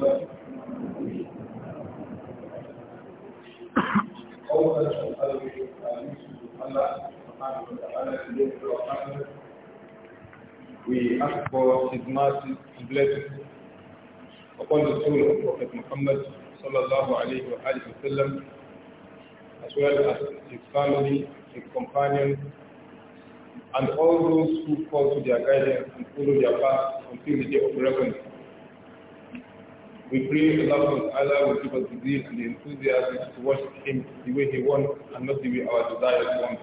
We ask for His mercy and blessing upon the soul of Prophet Muhammad sallallahu alayhi wa sallam as well as his family, his companions, and all those who follow to their guidance and follow their path until the day of reckoning. We pray Allah Allah will give us the zeal and the enthusiasm to worship Him the way He wants and not the way our desires want.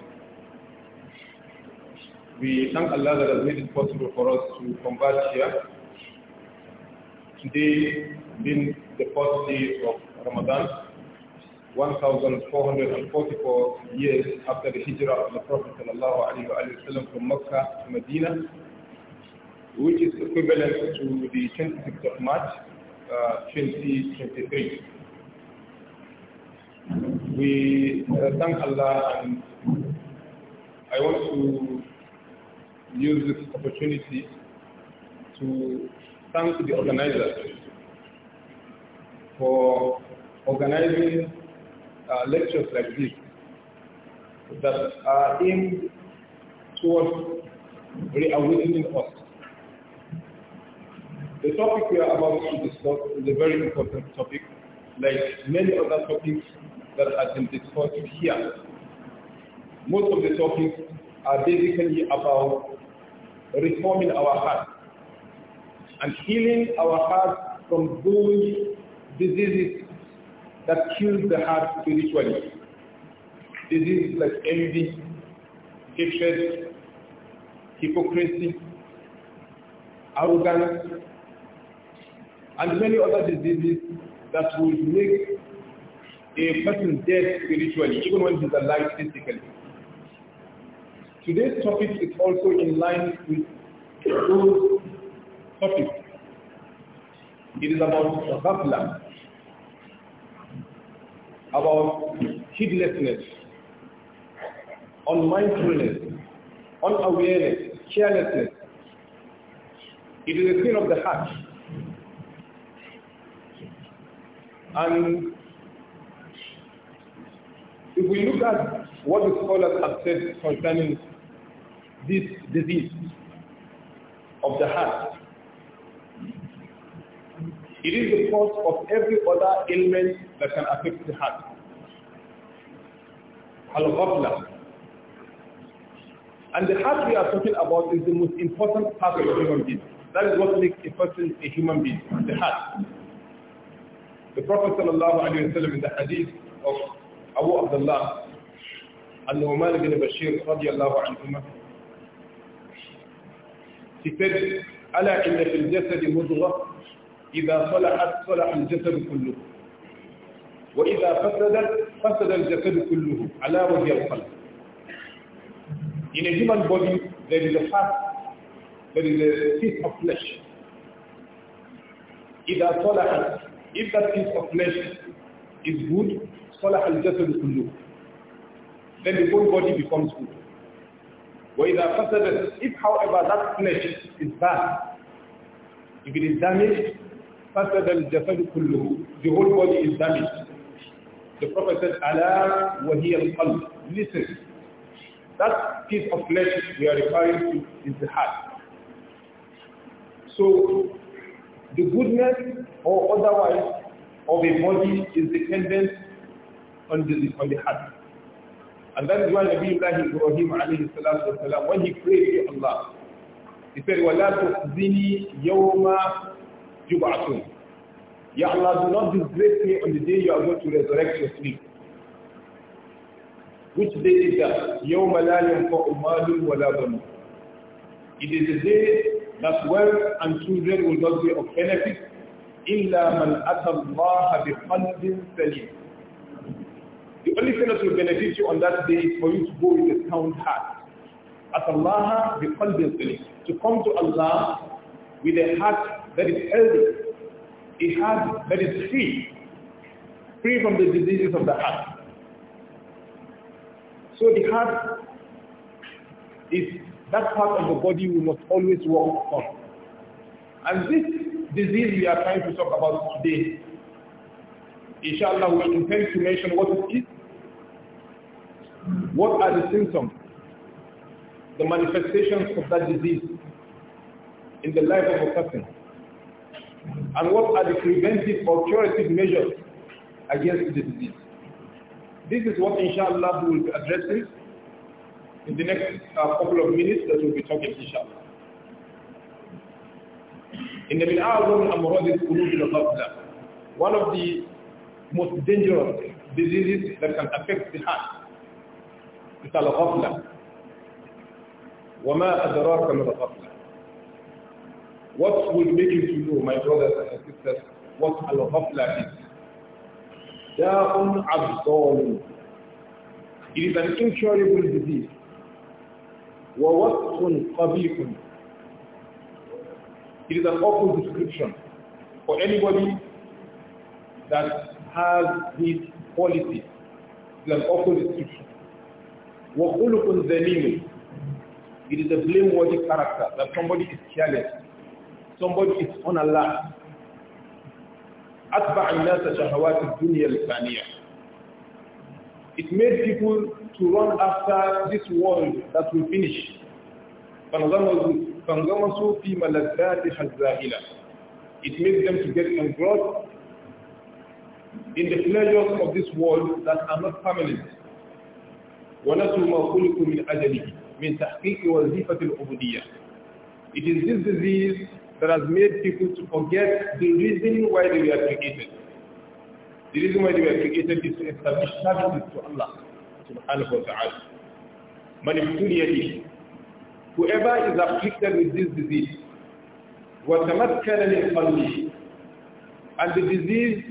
We thank Allah that has made it possible for us to convert here. Today being the first day of Ramadan, 1,444 years after the hijrah of the Prophet ﷺ from Mecca to Medina, which is equivalent to the 26th of March 2023. We uh, thank Allah and I want to use this opportunity to thank the organizers for organizing uh, lectures like this that are aimed towards reawakening us the topic we are about to discuss is a very important topic, like many other topics that have been discussed here. Most of the topics are basically about reforming our heart and healing our heart from those diseases that kill the heart spiritually. Diseases like envy, hatred, hypocrisy, arrogance, and many other diseases that will make a person dead spiritually, even when he's alive physically. Today's topic is also in line with those topics. It is about ghafla, about heedlessness, unmindfulness, unawareness, carelessness. It is a sin of the heart And if we look at what the scholars have said concerning this disease of the heart, it is the cause of every other ailment that can affect the heart. Al-Ghafla. And the heart we are talking about is the most important part of a human being. That is what makes a person a human being, the heart. The Prophet وسلم in the hadith of Abu Abdullah and Umar bin Bashir radiallahu anhumah, he said, ألا إن في الجسد مضغة إذا صلحت صلح الجسد كله وإذا فسدت فسد الجسد كله على وجه القلب In a human body, there is a heart, there is a piece of flesh. إذا صلحت If that piece of flesh is good, صلح الجسد كله. Then the whole body becomes good. وإذا if however that flesh is bad, if it is damaged, فسد الجسد كله. The whole body is damaged. The Prophet said, ألا وهي القلب. Listen, that piece of flesh we are referring to is the heart. So the goodness or otherwise of a body is dependent on the, on the heart. And that is why Nabiullah Ibrahim alayhi salatu when he prayed to Allah, he said, وَلَا تُخْزِنِي يَوْمَ يُبْعَثُونَ Ya Allah, do not disgrace me on the day you are going to resurrect your sleep. Which day is that? يَوْمَ لَا يَنْفَعُ مَالٌ وَلَا بَنُونَ It is the day that wealth and children will not be of benefit إِلَّا مَنْ أَتَى اللَّهَ بِقَلْبٍ سَلِيمٍ The only thing that will benefit you on that day is for you to go with a sound heart. أَتَى اللَّهَ بِقَلْبٍ سَلِيمٍ To come to Allah with a heart that is healthy, a heart that is free, free from the diseases of the heart. So the heart is that part of the body we must always work on. And this disease we are trying to talk about today, inshallah we intend to mention what it is, what are the symptoms, the manifestations of that disease in the life of a person, and what are the preventive or curative measures against the disease. This is what inshallah we will be addressing in the next uh, couple of minutes that we'll be talking inshallah. In the Min'a'azum Amurad al-Qulub al-Qabla, one of the most dangerous diseases that can affect the heart is al-Qabla. وَمَا أَدْرَاكَ مِنْ الْقَبْلَ What will make you to know, my brothers and sisters, what al-Qabla is? دَاءٌ عَبْضَالٌ It is an incurable disease وَوَصْفٌ قَبِيحٌ It is an awful description for anybody that has this quality. It is an awful description. وَخُلُقٌ ذَلِيمٌ It is a blameworthy character that somebody is careless, somebody is unalived. أتبع الناس شهوات الدنيا الفانية it made people to run after this world that will finish. It made them to get engrossed in the pleasures of this world that are not permanent. وَنَسُوا مَا خُلِقُوا مِنْ أَجَلِهِ مِنْ تَحْقِيقِ It is this disease that has made people to forget the reason why they were created. The reason why they were created is to establish services to Allah subhanahu wa ta'ala. Manipuliyadi. Whoever is afflicted with this disease, وَتَمَكَّنَ مِنْ قَلْبِهِ And the disease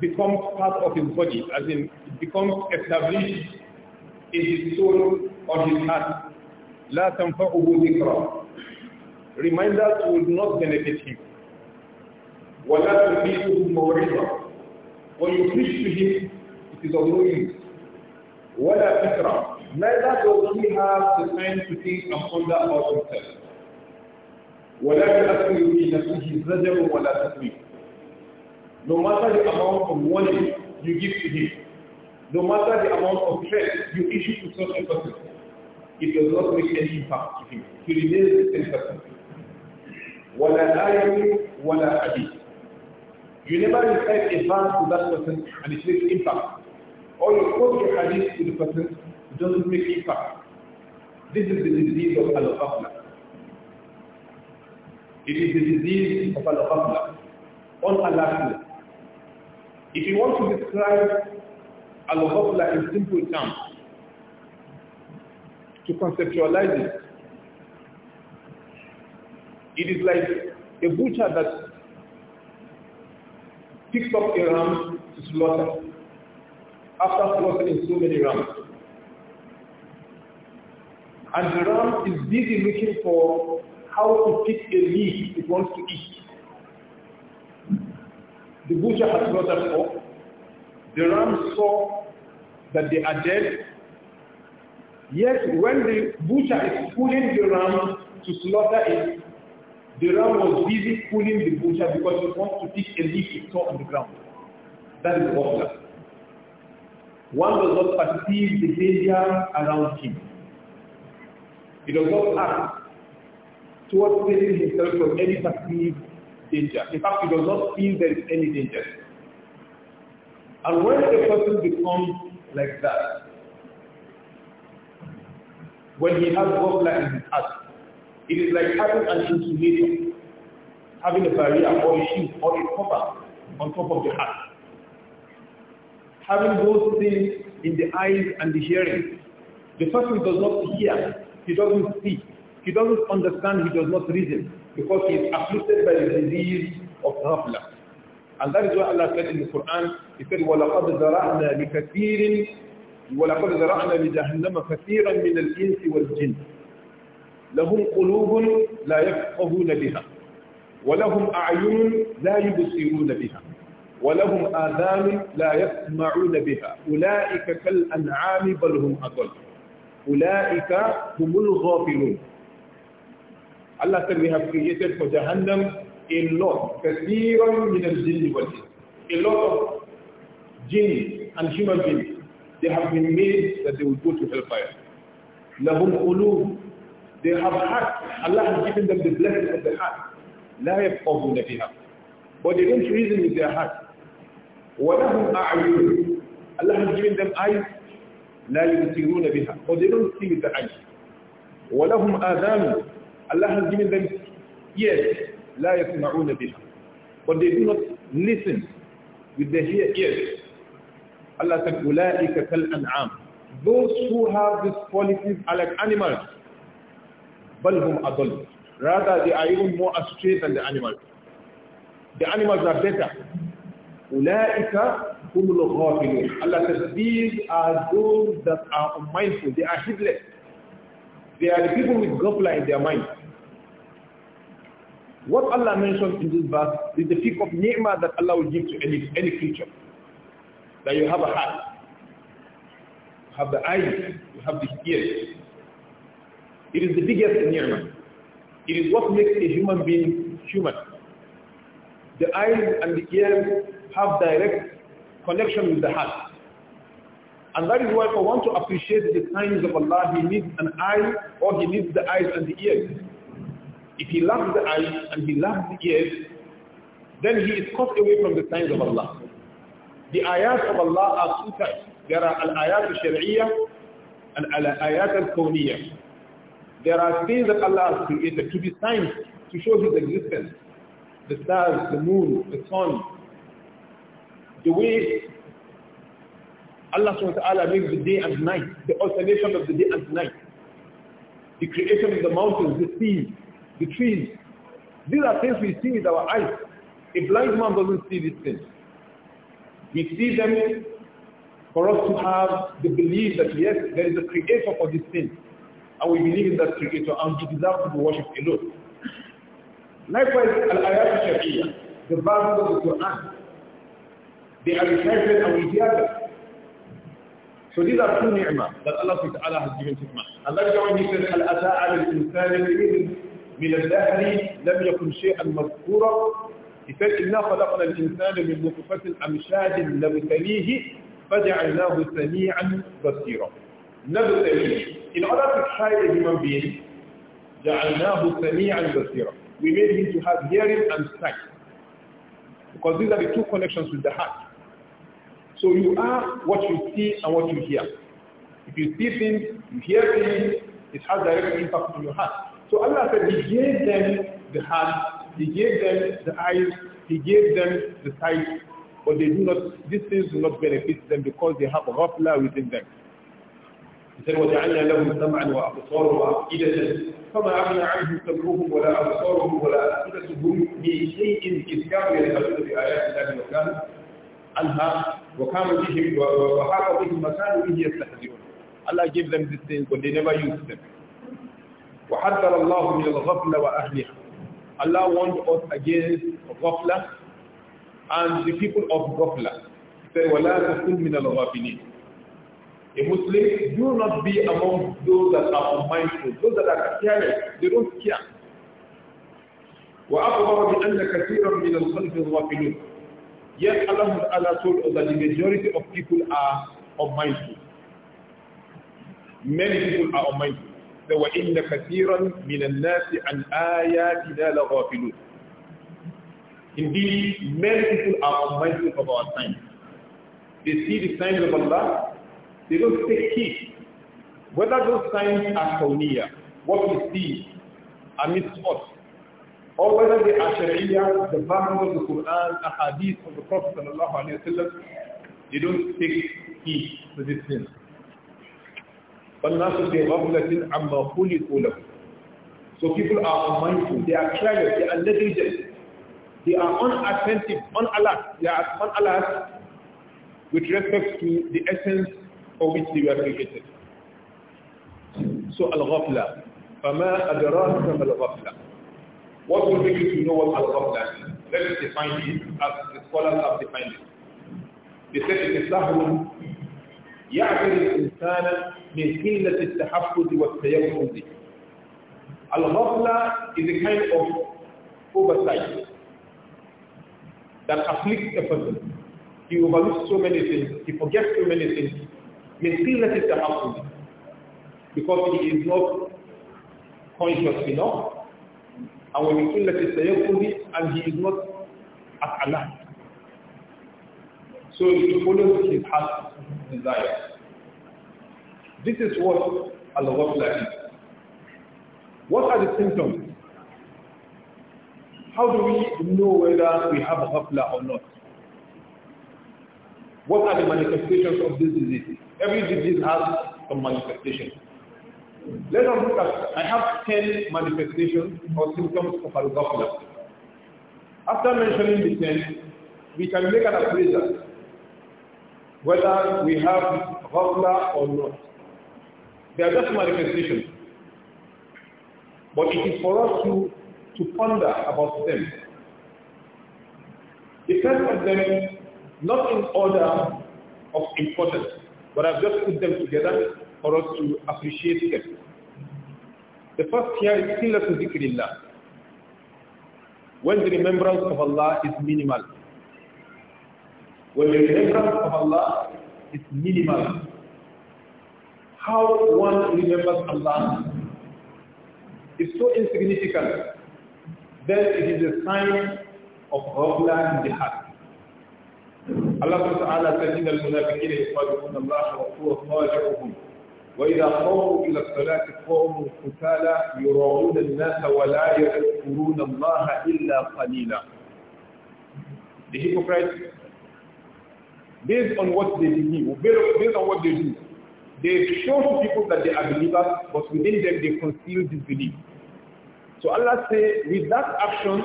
becomes part of his body, as in it becomes established in his soul or his heart. لَا تَنْفَعُهُ ذِكْرًا Reminders will not benefit him. ولا تريدهم موعظة ويخرجهم it is ولا فكرة ماذا does he have أم time to think and ولا يؤثر في نفسه الزجر ولا تكليف no matter the amount of money you give to him no matter the amount of threat you issue to such a person it does not make any impact to him he remains the same person ولا آية ولا حديث You never recite a verse to that person and it makes impact. Or you quote your hadith to the person, it doesn't make impact. This is the disease of al-ghafla. It is the disease of al-ghafla, unalertness. If you want to describe al-ghafla in simple terms, to conceptualize it, it is like a butcher that picked up a ram to slaughter. After slaughtering so many rams. And the ram is busy looking for how to pick a meat it wants to eat. The butcher has slaughtered four. The ram saw that they are dead. Yet when the butcher is pulling the ram to slaughter it, the ram was busy pulling the butcher because he wants to pick a leaf he saw on the ground. That is popular. One does not perceive the danger around him. He does not act towards saving himself from any perceived danger. In fact, he does not feel there is any danger. And when a person becomes like that, when he has popular in his heart, it is like having an insulator, having a barrier or a shield or a cover on top of the heart. Having those things in the eyes and the hearing. The person does not hear, he doesn't see, he doesn't understand, he does not reason because he is afflicted by the disease of ghafla. And that is why Allah said in the Quran, He said, وَلَقَدْ ذَرَعْنَا لِكَثِيرٍ وَلَقَدْ ذَرَعْنَا لِجَهَنَّمَ كَثِيرًا مِنَ الْإِنسِ وَالْجِنِّ لهم قلوب لا يفقهون بها ولهم أعين لا يبصرون بها ولهم آذان لا يسمعون بها أولئك كالأنعام بل هم أضل أولئك هم الغافلون الله said we have created for Jahannam a lot, kathiran min al-jinn and human beings. They have been made that they will go to hellfire. لهم قلوب They have heart. Allah has given them the blessing of the heart. لا يفقهون بها. But they don't reason with their heart. وَلَهُمْ أَعْيُنٌ Allah has given them eyes. لا يبصرون بها. But they don't see with the eyes. وَلَهُمْ آذَانٌ Allah has given them ears. لا يسمعون بها. But they do not listen with their ears. Allah said, أُولَٰئِكَ كَالْأَنْعَامِ Those who have these qualities are like animals. Balhum adol. Rather, they are even more astray than the animals. The animals are better. Ulaika humul ghafilun. Allah says, these are those that are unmindful. They are heedless. They are the people with ghafla in their mind. What Allah mentions in this verse is the peak of ni'mah that Allah will give to any, any creature. That you have a heart, you have the eyes, you have the ears, it is the biggest ni'mah. It is what makes a human being human. The eyes and the ears have direct connection with the heart. And that is why for one to appreciate the signs of Allah, he needs an eye or he needs the eyes and the ears. If he lacks the eyes and he lacks the ears, then he is cut away from the signs of Allah. The ayat of Allah are two types. There are al-ayat al-shari'iyah and al-ayat al-kawniyah. There are things that Allah has created to be signs to show His existence. The stars, the moon, the sun. The way Allah SWT makes the day and night, the alternation of the day and night. The creation of the mountains, the sea, the trees. These are things we see with our eyes. A blind man doesn't see these things. We see them for us to have the belief that yes, there is a creator for these things. and we believe in that creator and we deserve to be worshipped alone. Likewise, Al-Ayat Shafi'iyah, the verses of the Quran, they are recited and we hear them. So these are two ni'mah that Allah SWT has given to man. Allah SWT says, al ataa al-Insani al-ilm min من الدهر لم يكن شيئا mazkura. He said, Inna إِنَّا خَلَقْنَا الْإِنسَانَ مِنْ نُطْفَةٍ أَمْشَاجٍ نَبْتَلِيهِ فَجَعَلْنَاهُ سَمِيعًا basira. نَبْتَلِيهِ In order to try a human being, جَعَلْنَاهُ سَمِيعًا We made him to have hearing and sight. Because these are the two connections with the heart. So you are what you see and what you hear. If you see things, you hear things, it has direct impact on your heart. So Allah said He gave them the hands, He gave them the eyes, He gave them the sight, but they do not, these things do not benefit them because they have a layer within them. إذا وجعلنا لهم سمعا وأبصارا وأفئدة فما أغنى عنهم سمعهم ولا أبصارهم ولا أفئدتهم من شيء إذ كانوا يجهلون بآيات الله وكانوا عنها وكانوا بهم وحاق بهم ما كانوا به يستهزئون Allah give them this thing but they never use them وحذر الله من الغفلة وأهلها Allah warned us against غفلة and the people of غفلة he said ولا تكن من الغافلين A Muslim, do not be among those that are unmindful, those that are careless, they don't care. وأخبر بأن كثيرا من الخلق الغافلون Yet Allah has Allah told us that the majority of people are unmindful. Many people are unmindful. So وَإِنَّ كَثِيرًا مِنَ النَّاسِ عَنْ آيَاتِنَا لَغَافِلُونَ Indeed, many people are unmindful of our signs. They see the signs of Allah, they don't take heed. Whether those signs are familiar, what we see amidst us, or whether they are sharia, the verses of the Quran, hadith of the Prophet sallallahu they don't take heed to these things. So people are unmindful, they are careless, they are negligent, they are unattentive, unalert, they are unalert with respect to the essence so فَمَا أَدْرَاكَ مَا الْغَفْلَةِ What will make you to know what al is? Let us define it as the scholars have defined it. They said it is سهل يعبر الإنسان من قلة التحفظ والتيقظ. Al-ghafla is a kind of oversight that afflicts a person. He overlooks so many things, he forgets so many things, they still let it happen because he is not conscious enough. And when still let it happen, and he is not at alert. So he follows his heart desire. This is what al-ghafla is. What are the symptoms? How do we know whether we have ghafla or not? What are the manifestations of this disease? Every disease has some manifestation. Let us look at, I have 10 manifestations or symptoms of al After mentioning the 10, we can make an appraisal whether we have ghafla or not. They are just manifestations. But it is for us to, to ponder about them. The first of them, not in order of importance. But I've just put them together for us to appreciate them. The first here is qillatu dhikrillah. When the remembrance of Allah is minimal. When the remembrance of Allah is minimal. How one remembers Allah is so insignificant, then it is a sign of Allah in the heart. الله تعالى تجد المنافقين يخادعون الله وهو خادعهم وإذا قاموا إلى الصلاة قاموا قتالا يراعون الناس ولا يذكرون الله إلا قليلا The hypocrites, based on what they believe, based on what they do, they show to people that they are believers, but within them they conceal disbelief. So Allah says, with that action,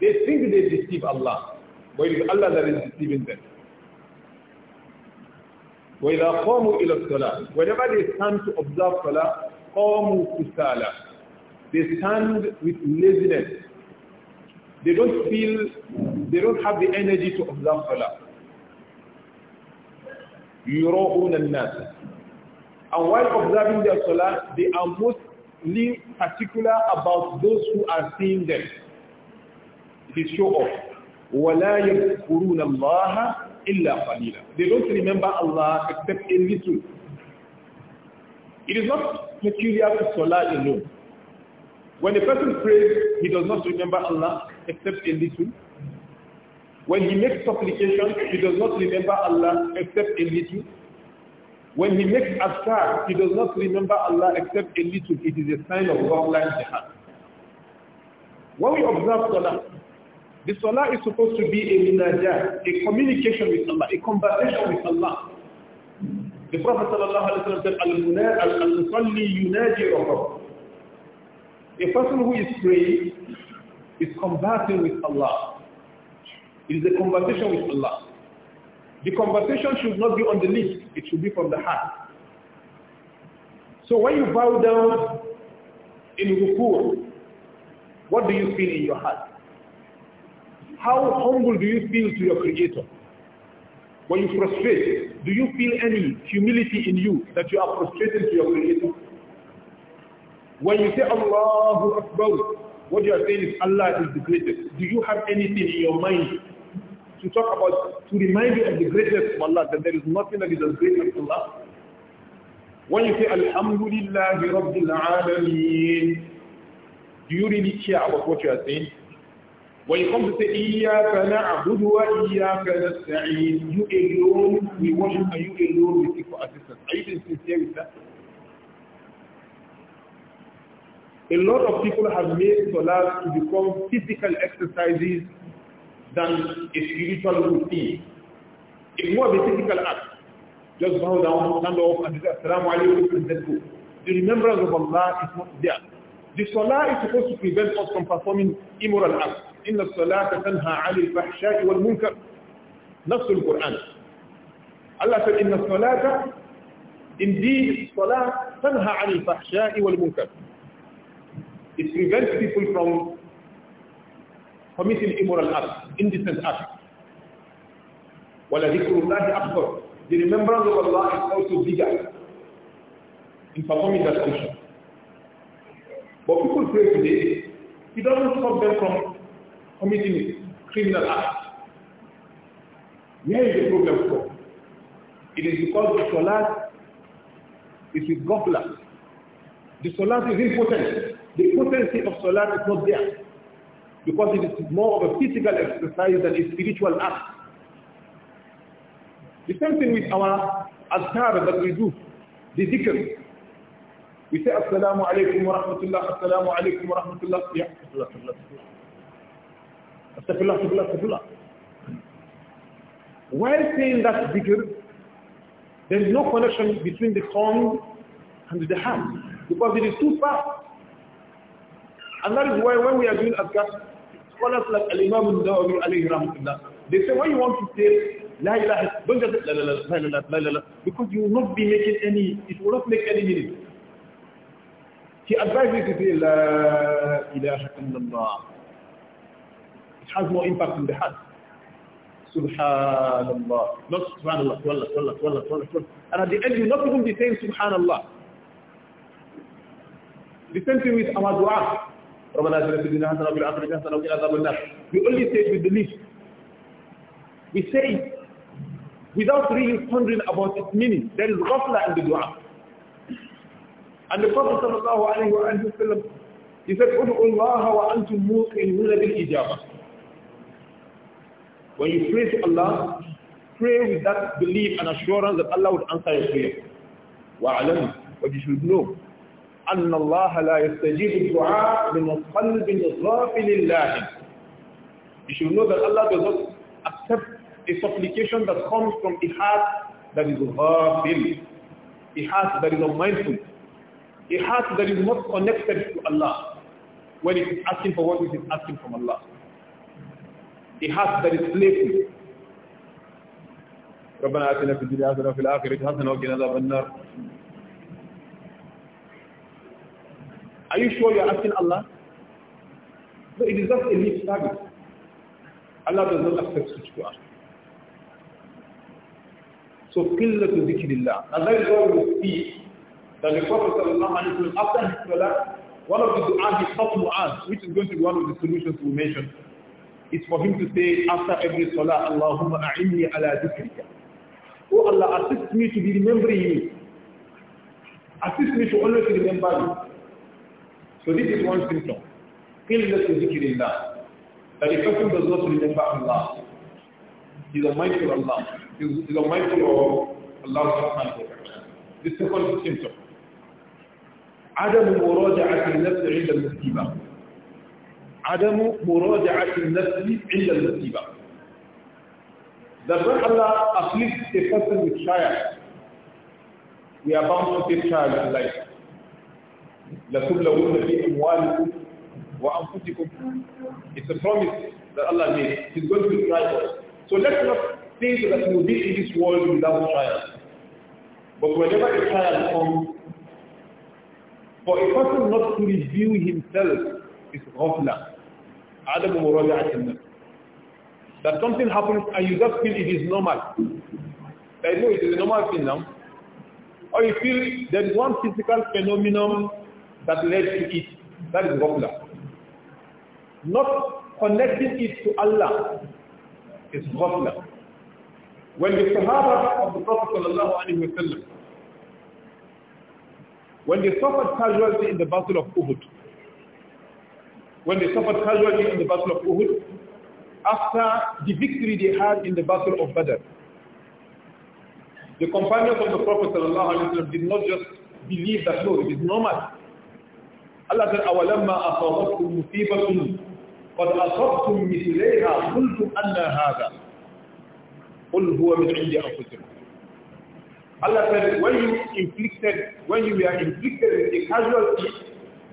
they think they deceive Allah. but Allah that is deceiving them. وَإِذَا قَامُوا إِلَى الصَّلَاةِ Whenever they stand to observe Salah, قَامُوا كُسَالَى They stand with laziness. They don't feel, they don't have the energy to observe Salah. يُرَوْءُنَ النَّاسِ And while observing their Salah, they are mostly particular about those who are seeing them. They show off. They don't remember Allah except in little. It is not peculiar to Salah alone. When a person prays, he does not remember Allah except in little. When he makes supplication, he does not remember Allah except in little. When he makes azkar, he does not remember Allah except in little. It is a sign of God like jihad. When we observe Salah, the salah is supposed to be a minajah, a communication with Allah, a conversation with Allah. The Prophet said, Al-Musalli yunaji rabbah. A person who is praying is conversing with Allah. It is a conversation with Allah. The conversation should not be on the lips, it should be from the heart. So when you bow down in rukur, what do you feel in your heart? How humble do you feel to your Creator? When you frustrate, do you feel any humility in you that you are frustrated to your Creator? When you say Allahu Akbar, what you are saying is Allah is the greatest. Do you have anything in your mind to talk about, to remind you of the greatness of Allah, that there is nothing that is as great as Allah? When you say Alhamdulillah, Rabbil Alameen, do you really care about what you are saying? ويقوم إياك نعبد وإياك نستعين you alone we worship and you alone we seek for assistance are you being sincere that? A lot of people have made Salah to become physical exercises than a spiritual routine. It's more of a physical act. Just bow down, stand up, and say, Assalamu alaikum, and then go. The remembrance of Allah is not there. The Salah is supposed to prevent us from performing immoral acts. إن الصلاة تنهى عن الفحشاء والمنكر نص القرآن الله قال إن الصلاة إن دي الصلاة تنهى عن الفحشاء والمنكر it prevents people from committing immoral acts indecent acts wala dhikrullahi akbar the remembrance of Allah is also bigger in performing that function but people pray today it doesn't stop them from committing a criminal act. Where is the problem from? It is because the salat is with gobblers. The salat is impotent. The potency of salat is not there. Because it is more of a physical exercise than a spiritual act. The same thing with our azkar that we do, the dhikr. We say, Assalamu alaikum wa rahmatullah, Assalamu alaykum wa rahmatullah. Yeah. Astaghfirullah, astaghfirullah, astaghfirullah. While saying that dhikr, there is no connection between the tongue and the hand because it is too fast. And that is why when we are doing adhkar, scholars like Al-Imam al-Nawawi alayhi rahmatullah, they say why you want to say La ilaha, don't just say la la la la la la la la because you will not be making any, it will not make any meaning. He advises you to say La ilaha illallah has more impact in the heart. Subhanallah. Not subhanallah, wallah, wallah, wallah, And at the end, you'll not even be saying subhanallah. The same thing with our dua. We only say it with the lips. We say it without really pondering about its meaning. There is ghafla in the dua. And the Prophet sallallahu alayhi wa sallam, he said, "Ud'u Allah wa antum muqinuna bil ijabah." When you pray to Allah, pray with that belief and assurance that Allah would answer your prayer. وَعَلَمْ But you should know أن الله لا يستجيب الدعاء من القلب الله You should know that Allah does not accept a supplication that comes from a heart that is ghafil, a heart that is unmindful, a heart that is not connected to Allah when it is asking for what it is asking from Allah a heart that is playful ربنا آتنا في الدنيا حسنة وفي الآخرة حسنة وقنا عذاب النار Are you sure you are asking Allah? No, it is just a lip service. Allah does not accept such dua. So قلة ذكر الله. And that is why we see that the Prophet after his salah, one of the dua he taught Mu'az, which is going to be one of the solutions we mentioned, is for him to say after every salah, Allahumma a'inni ala dhikrika. Oh Allah, assist me to be remembering you. Assist me to always remember you. So this is one symptom. Illness in dhikrillah. That if person does not remember Allah, he's unmindful of Allah. He's, a mindful of Allah subhanahu wa ta'ala. The second symptom. عدم مراجعة النفس عند المصيبة عدم مراجعة النفس عند المصيبة ذكر الله أخلص a person with trial we are bound to take trial in life لتبلغون في أموالكم وأنفسكم it's a promise that Allah made he's going to try us so let's not think that we will be in this world without trials but whenever a trial comes for a person not to review himself is ghafla that something happens and you just feel it is normal I know it is a normal thing now or you feel there is one physical phenomenon that led to it that is popular. not connecting it to Allah is popular. when the Sahaba of the Prophet when they suffered casualty in the Battle of Uhud when they suffered casualty in the Battle of Uhud, after the victory they had in the Battle of Badr. The companions of the Prophet ﷺ did not just believe that, no, it is normal. Allah said, أَوَلَمَّا أَصَابَتْكُمْ مُصِيبَةٌ قَدْ أَصَبْتُمْ مِثْلَيْهَا قُلْتُمْ أَنَّا هَذَا قُلْ هُوَ مِنْ عِنْدِ أَنفُسِكُمْ Allah said, when you inflicted, when you were inflicted with a casualty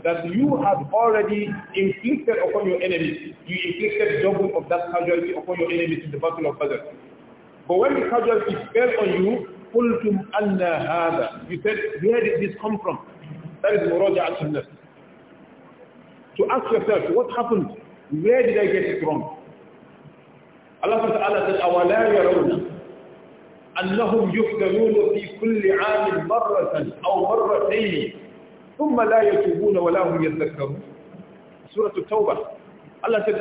that you have already inflicted upon your enemies. You inflicted double of that casualty upon your enemies in the battle of Badr. But when the casualty fell on you, قُلْتُمْ أَنَّا هَذَا You said, where did this come from? That is muraja al-sunnah. To ask yourself, what happened? Where did I get it wrong? Allah Ta'ala said, أَوَلَا يَرَوْنَا أنهم يفتنون في كل عام مرة أو مرتين ثم لا يتوبون ولا هم يذكرون سورة التوبة Allah said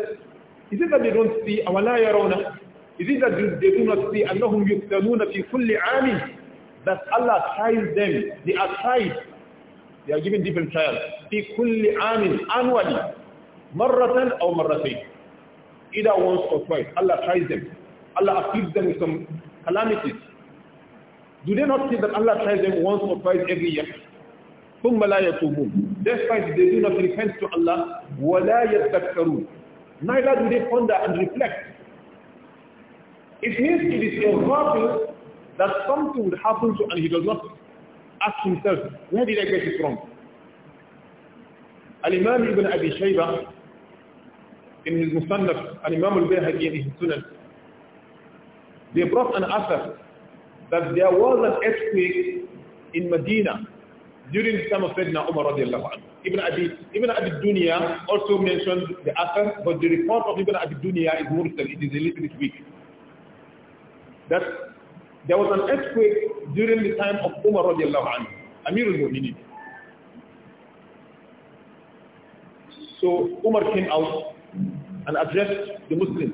is it that they don't see أو لا يرون is it that they do not see أنهم يفتنون في كل عام that Allah tries them they are tried they are given different trials في كل عام annually مرة أو مرتين either once or twice Allah tries them Allah afflicts them with some calamities do they not see that Allah tries them once or twice every year ثم لا يتوبون despite they do not repent to Allah ولا يتذكرون neither do they ponder and reflect It means it is a that something would happen to and he does not ask himself where did I get it from Al-Imam Ibn Abi Shaybah in his Musannaf imam Al-Bayhaqi in his Sunan they brought an asar that there was an earthquake in Medina during the time of Sayyidina Umar radiallahu anhu. Ibn Abi, Ibn Abi Dunya also mentioned the author, but the report of Ibn Abi Dunya is mursal, it is a little bit weak. That there was an earthquake during the time of Umar radiallahu anhu, Amir al-Mu'minin. So Umar came out and addressed the Muslims.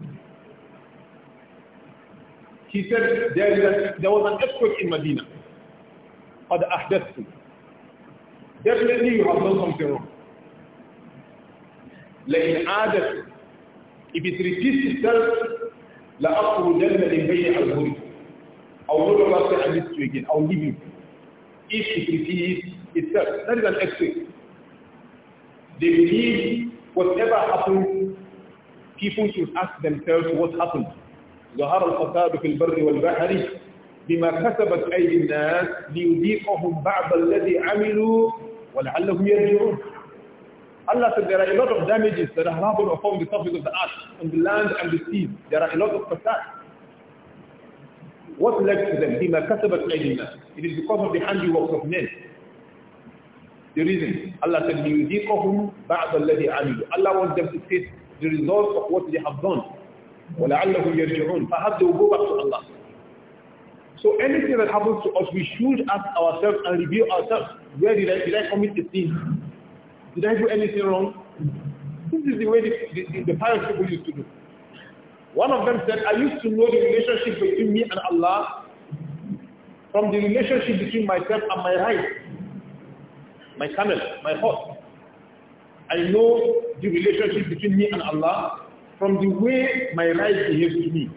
He said, there was an earthquake in Medina. قد أحدثت Definitely you have done something wrong. لَإِنْ عَادَتْ If it repeats itself, لَأَخْرُجَنَّ مِنْ بَيْنِ أَظْهُرِكُمْ I will no longer say I you again. I will leave you. If it repeats itself, that is an exit. They believe whatever happens, people should ask themselves what happened. ظهر الفساد في البر والبحر بما كسبت أيدي الناس ليذيقهم بعض الذي عملوا وَلَعَلَّهُمْ يَرْجِعُونَ Allah said there are a lot of damages that have happened upon the surface of the earth, on the land and the sea. There are a lot of facades. What led to them? It is because of the handiworks of men. The reason, Allah said, لِيُذِيقَهُمْ بَعْضَ الَّذِي عَمِلُوا Allah wants them to taste the results of what they have done. Perhaps they will go back to Allah. So anything that happens to us, we should ask ourselves and review ourselves. Where did I, did I commit a sin? Did I do anything wrong? This is the way the, the, the, the pious people used to do. One of them said, I used to know the relationship between me and Allah from the relationship between myself and my right, my camel, my horse. I know the relationship between me and Allah from the way my right behaves to me.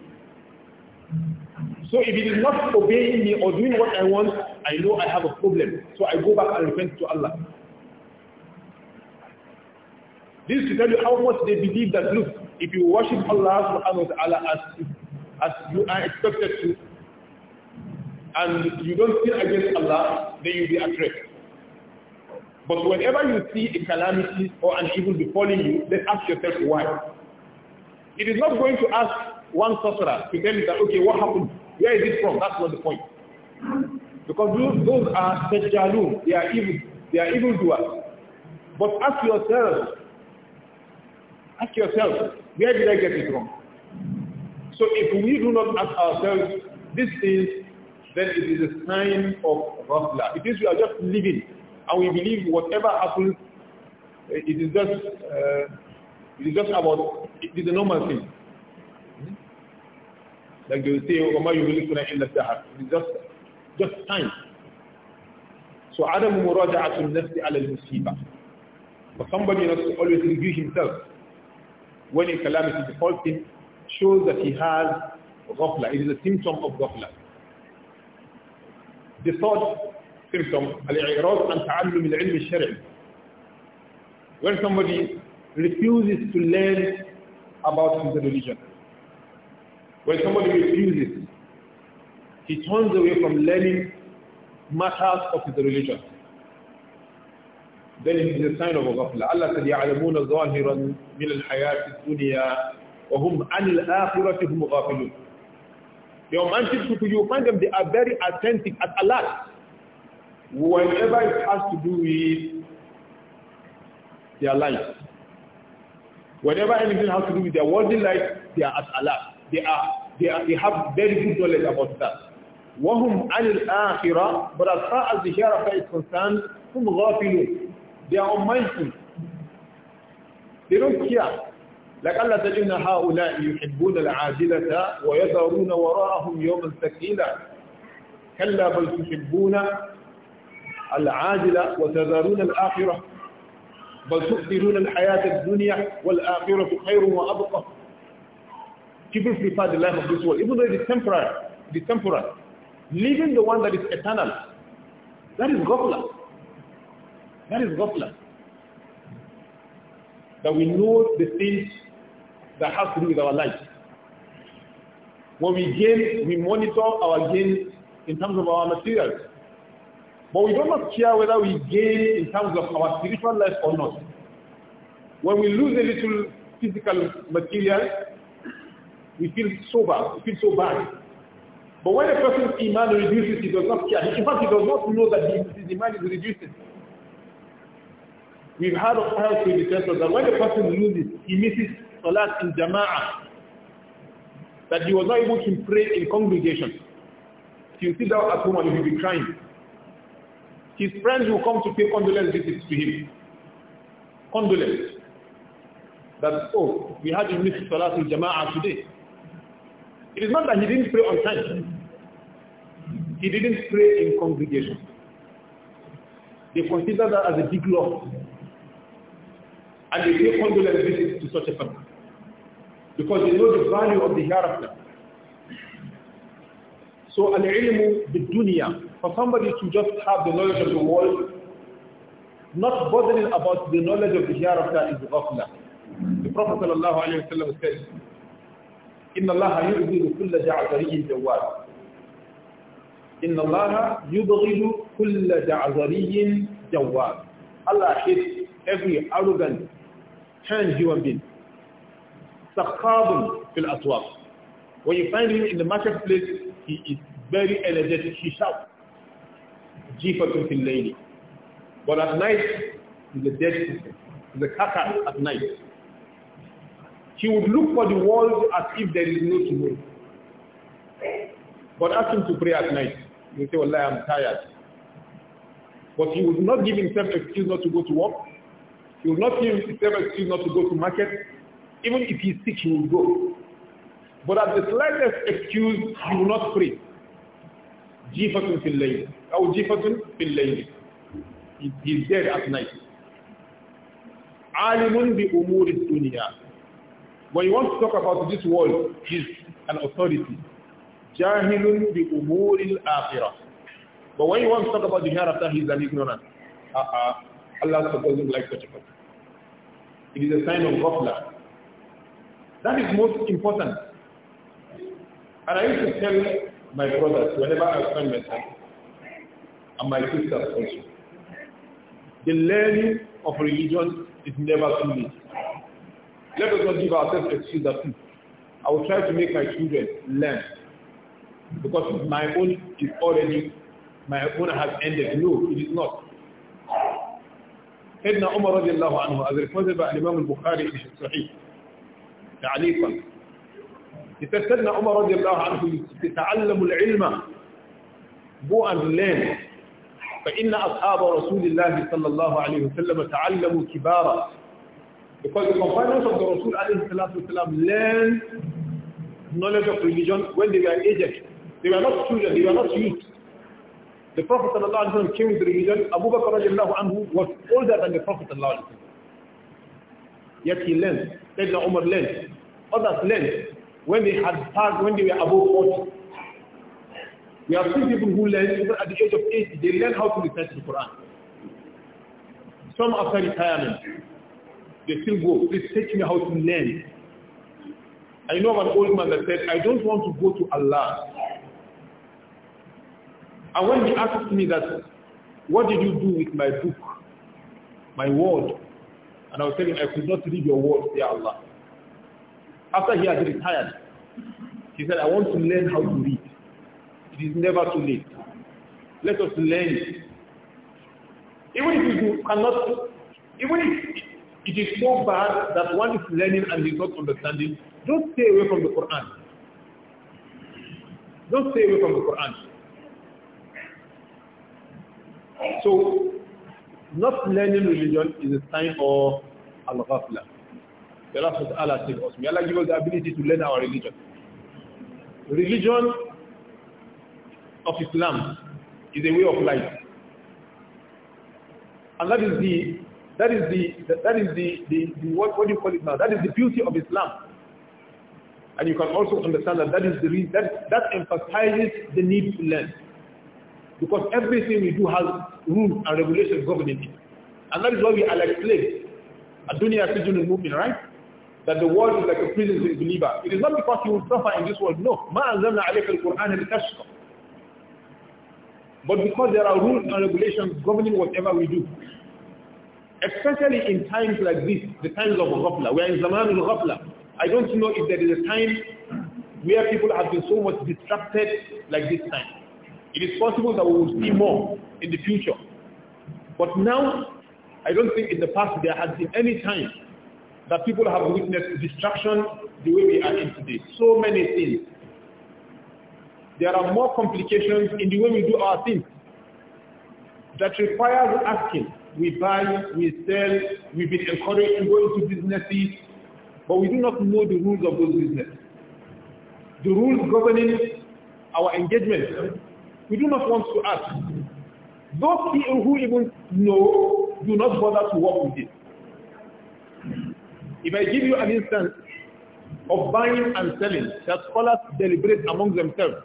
So if it is not obeying me or doing what I want, I know I have a problem. So I go back and repent to Allah. This to tell you how much they believe that, look, if you worship Allah subhanahu wa ta'ala as, as you are expected to, and you don't sin against Allah, then you'll be at rest. But whenever you see a calamity or an evil befalling you, then ask yourself why. It is not going to ask one sorcerer to tell you that, okay, what happened? Where is it from? That's not the point. Because those, those are Sajjalun. They are evil. They are doers. But ask yourself, ask yourself, where did I get it wrong? So if we do not ask ourselves these things, then it is a sign of rustler. It is we are just living and we believe whatever happens, eh, it is just, uh, it is just about, it is a normal thing. Like they say, say, oh, وَمَا يُغْلِقُنَا إِلَّا الدَّهَرِ It's just, just time. So عدم مراجعة النفس على المصيبة. But somebody not to always review himself when a calamity befalls him shows that he has ghafla. It is a symptom of ghafla. The third symptom, al-i'rad an ta'allum al When somebody refuses to learn about his religion, when somebody refuses, he turns away from learning matters of his religion. Then it is a sign of a ghafla. Allah said, يَعْلَمُونَ ظَاهِرًا مِنَ الْحَيَاةِ الدُّنْيَا وَهُمْ عَنِ الْآخِرَةِ هُمْ غَافِلُونَ Your mantis people, you find them, they are very attentive at Allah. Whenever it has to do with their life, whenever anything has to do with their worldly life, they are at Allah. They are, they are, they have very good knowledge about that. وهم عن الآخرة but as far as the hereafter is concerned هم غافلون they are unmindful they don't care like Allah said إن هؤلاء يحبون العاجلة ويذرون وراءهم يوما ثقيلا كلا بل تحبون العاجلة وتذرون الآخرة بل تؤثرون الحياة الدنيا والآخرة خير وأبقى People prefer the life of this world, even though it is temporary. It is temporary. Leaving the one that is eternal. That is ghafla. That is ghafla. That we know the things that have to do with our life. When we gain, we monitor our gains in terms of our materials. But we do not care whether we gain in terms of our spiritual life or not. When we lose a little physical material, we feel so bad. we feel so bad. But when a person's iman reduces, he does not care. In fact, he does not know that his iman is reducing. We've had of health with the sense that when a person loses, he misses salat in jama'ah. That he was not able to pray in congregation. He'll sit down at home and he'll be crying. His friends will come to pay condolence visits to him. Condolence. That, oh, we had to miss salat in jama'ah today. It is not that he didn't pray on time. He didn't pray in congregation. They consider that as a big loss. And they pay condolence visits to such a person. Because they know the value of the hereafter. So al-ilmu bid-dunya. For somebody to just have the knowledge of the world, not bothering about the knowledge of the hereafter is ghafla. The Prophet ﷺ said, إن الله يبغض كل جعزري جواد إن الله يبغض كل جعزري جواد Allah hates every arrogant, turned human being. سخاب في الأسواق When you find him in the marketplace, he is very energetic. He shouts. جيفة في الليل But at night, he's a dead person. He's a kaka at night. He would look for the world as if there is no tomorrow. But ask him to pray at night. He'll say, Wallah, I'm tired. But he would not give himself excuse not to go to work. He would not give himself excuse not to go to market. Even if he's sick, he will go. But at the slightest excuse, he will not pray. Jifatun fil layl. jifatun fil layl. He's dead at night. Alimun bi umuri when you want to talk about this world, he's an authority. Jahilun bi umuril akhirah. But when you want to talk about the hereafter, he's an ignorant. Uh-uh. Allah doesn't like such a person. It is a sign of ghafla. That is most important. And I used to tell my brothers, whenever I find myself, and my sisters also, the learning of religion is never too late. Let us not give ourselves excuse that I will try to make my children learn because my own is already, my own has ended. No, it is not. Sayyidina Umar radiallahu anhu, as reported by Imam al-Bukhari in his Sahih, تعليقا He said, Sayyidina Umar radiallahu anhu, تتعلم العلم Go and learn. فإن أصحاب رسول الله صلى الله عليه وسلم تعلموا كبارا because the companions of the Rasul learned knowledge of religion when they were aged. They were not children, they were not youth. The Prophet ﷺ came with religion. Abu Bakr anhu was older than the Prophet ﷺ. Yet he learned. Sayyidina Umar learned. Others learned when they had passed, when they were above 40. We have seen people who learn even at the age of 80, they learn how to recite the Quran. Some after retirement, they still go, please teach me how to learn. I know of an old man that said, I don't want to go to Allah. And when he asked me that, what did you do with my book, my word? And I was telling him, I could not read your word, dear Allah. After he had retired, he said, I want to learn how to read. It is never too late. Let us learn. Even if you cannot, even if it is so bad that one is learning and is not understanding. Don't stay away from the Quran. Don't stay away from the Quran. So, not learning religion is a sign of al-ghafla. The Rasul Allah said us, may Allah give us the ability to learn our religion. Religion of Islam is a way of life. And that is the that is the, that is the, the, the what, what do you call it now? That is the beauty of Islam. And you can also understand that that is the reason, that, that emphasizes the need to learn. Because everything we do has rules and regulations governing it. And that is why we are like slaves. a prison Sijun movement, right? That the world is like a prison to the believer. It is not because you will suffer in this world. No. But because there are rules and regulations governing whatever we do. Especially in times like this, the times of ghafla, we are in zaman al-ghafla. I don't know if there is a time where people have been so much distracted like this time. It is possible that we will see more in the future. But now, I don't think in the past there has been any time that people have witnessed distraction the way we are in today. So many things. There are more complications in the way we do our things that requires asking we buy, we sell, we've been encouraged to go into businesses, but we do not know the rules of those businesses. The rules governing our engagement, we do not want to ask. Those people who even know do not bother to work with it. If I give you an instance of buying and selling that scholars deliberate among themselves,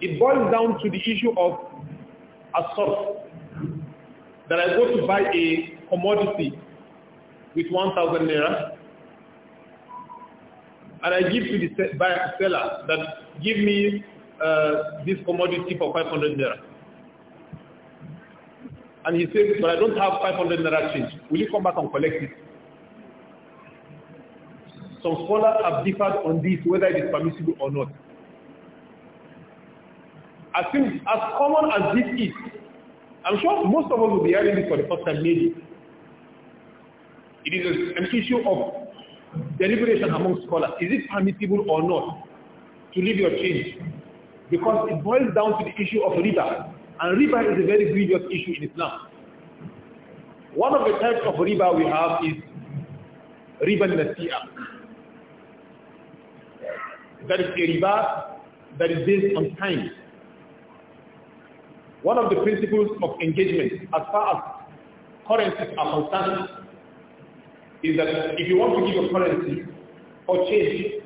it boils down to the issue of source that I go to buy a commodity with 1,000 naira and I give to the buyer, seller that give me uh, this commodity for 500 naira. And he says, but I don't have 500 naira change. Will you come back and collect it? Some scholars have differed on this, whether it is permissible or not. I think as common as this is, I'm sure most of us will be hearing this for the first time, maybe. It is an issue of deliberation among scholars. Is it permissible or not to leave your change? Because it boils down to the issue of riba. And riba is a very grievous issue in Islam. One of the types of riba we have is riba nasi'a. That is a riba that is based on time one of the principles of engagement as far as currencies are concerned is that if you want to give a currency or change,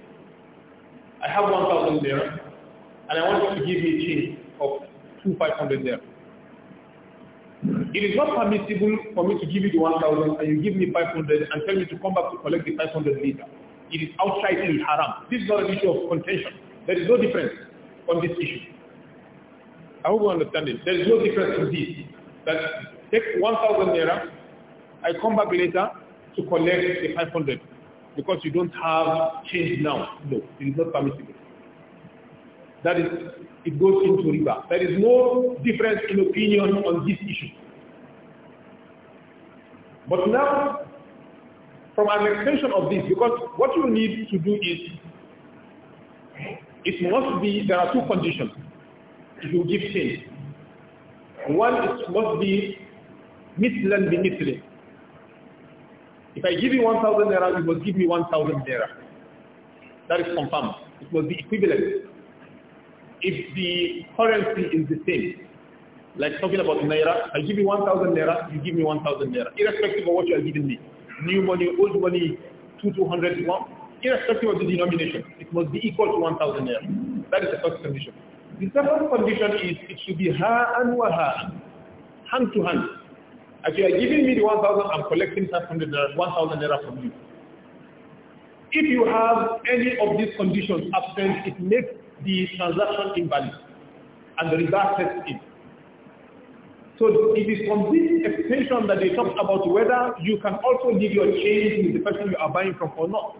I have 1,000 there and I want you to give me a change of 2,500 there. It is not permissible for me to give you the 1,000 and you give me 500 and tell me to come back to collect the 500 later. It is outside in haram. This is not an issue of contention. There is no difference on this issue. I hope you understand it. There is no difference in this. That take 1,000 naira, I come back later to collect the 500 because you don't have change now. No, it is not permissible. That is, it goes into riba. There is no difference in opinion on this issue. But now, from an extension of this, because what you need to do is, it must be, there are two conditions you give him. One is, must be mislan bi If I give you 1,000 naira, you must give me 1,000 naira. That is confirmed. It must be equivalent. If the currency is the same, like talking about naira, I give you 1,000 naira, you give me 1,000 naira, irrespective of what you are giving me. New money, old money, 2, 200, irrespective of the denomination. It must be equal to 1,000 naira. That is the first condition. The second condition is it should be her and her hand to hand. If you are giving me the 1,000, I'm collecting uh, 1,000 naira from you. If you have any of these conditions absent, it makes the transaction invalid and the reverse sets it. So it is from this extension that they talk about whether you can also give your change with the person you are buying from or not.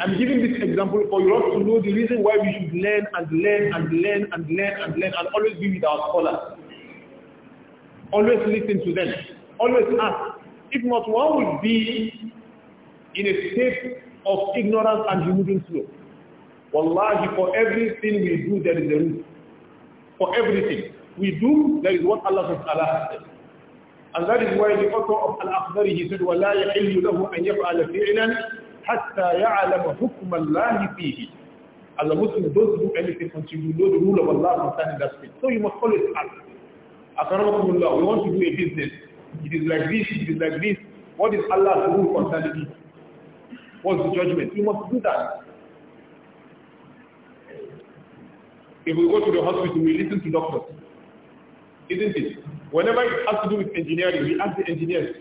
I'm giving this example for you all to know the reason why we should learn and learn and learn and learn and learn and always be with our scholars. Always listen to them. Always ask. If not, one would be in a state of ignorance and moving slow. not Wallahi, for everything we do, there is a root. For everything we do, there is what Allah subhanahu has said. And that is why the author of Al-Akhdari, he said, وَلَا يَحِلُّ لَهُ أَن يَفْعَلَ فِعْلًا hatta ya'lamu hukm Allah fihi Allah Muslim don't do anything until you know the rule of Allah concerning that thing. So you must always ask. Akaramakumullah, we want to do a business. It is like this, it is like this. What is Allah's rule concerning it? What's the judgment? You must do that. If we go to the hospital, we listen to doctors. Isn't it? Whenever it has to do with engineering, we ask the engineers,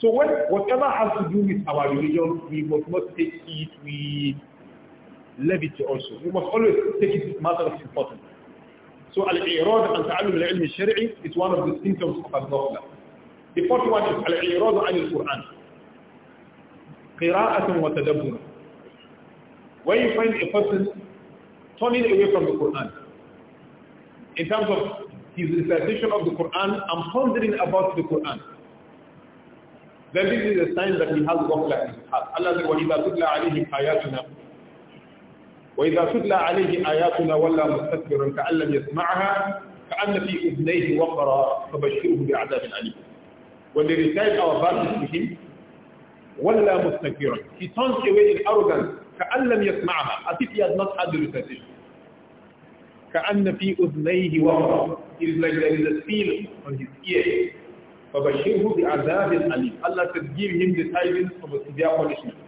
So when whatever has to do with our religion, we must not take it love levity also. We must always take it a matter of importance. So al-i'rad and ta'allum al-ilm al-shari'i is one of the symptoms of al-ghafla. The fourth one is al-i'rad al-Qur'an. Qira'atun wa tadabbur. When you find a person turning away from the Qur'an, in terms of his recitation of the Qur'an, I'm pondering about the Qur'an then this is a sign that he has ghafla in his heart. Allah said, وَإِذَا تُتْلَى عَلَيْهِ آيَاتُنَا وإذا تتلى عليه آياتنا ولا مستكبرا كأن يسمعها كأن في أذنيه وقرا فبشره بعذاب أليم. When they recite our verses to him, ولا مستكبرا He turns away in arrogance كأن يسمعها as if he has not had the recitation. كأن في أذنيه It is like there is a seal on his ear. فَبَشِّرْهُ بِعَذَابٍ أَلِيمٍ Allah said, give him the tidings of a severe punishment.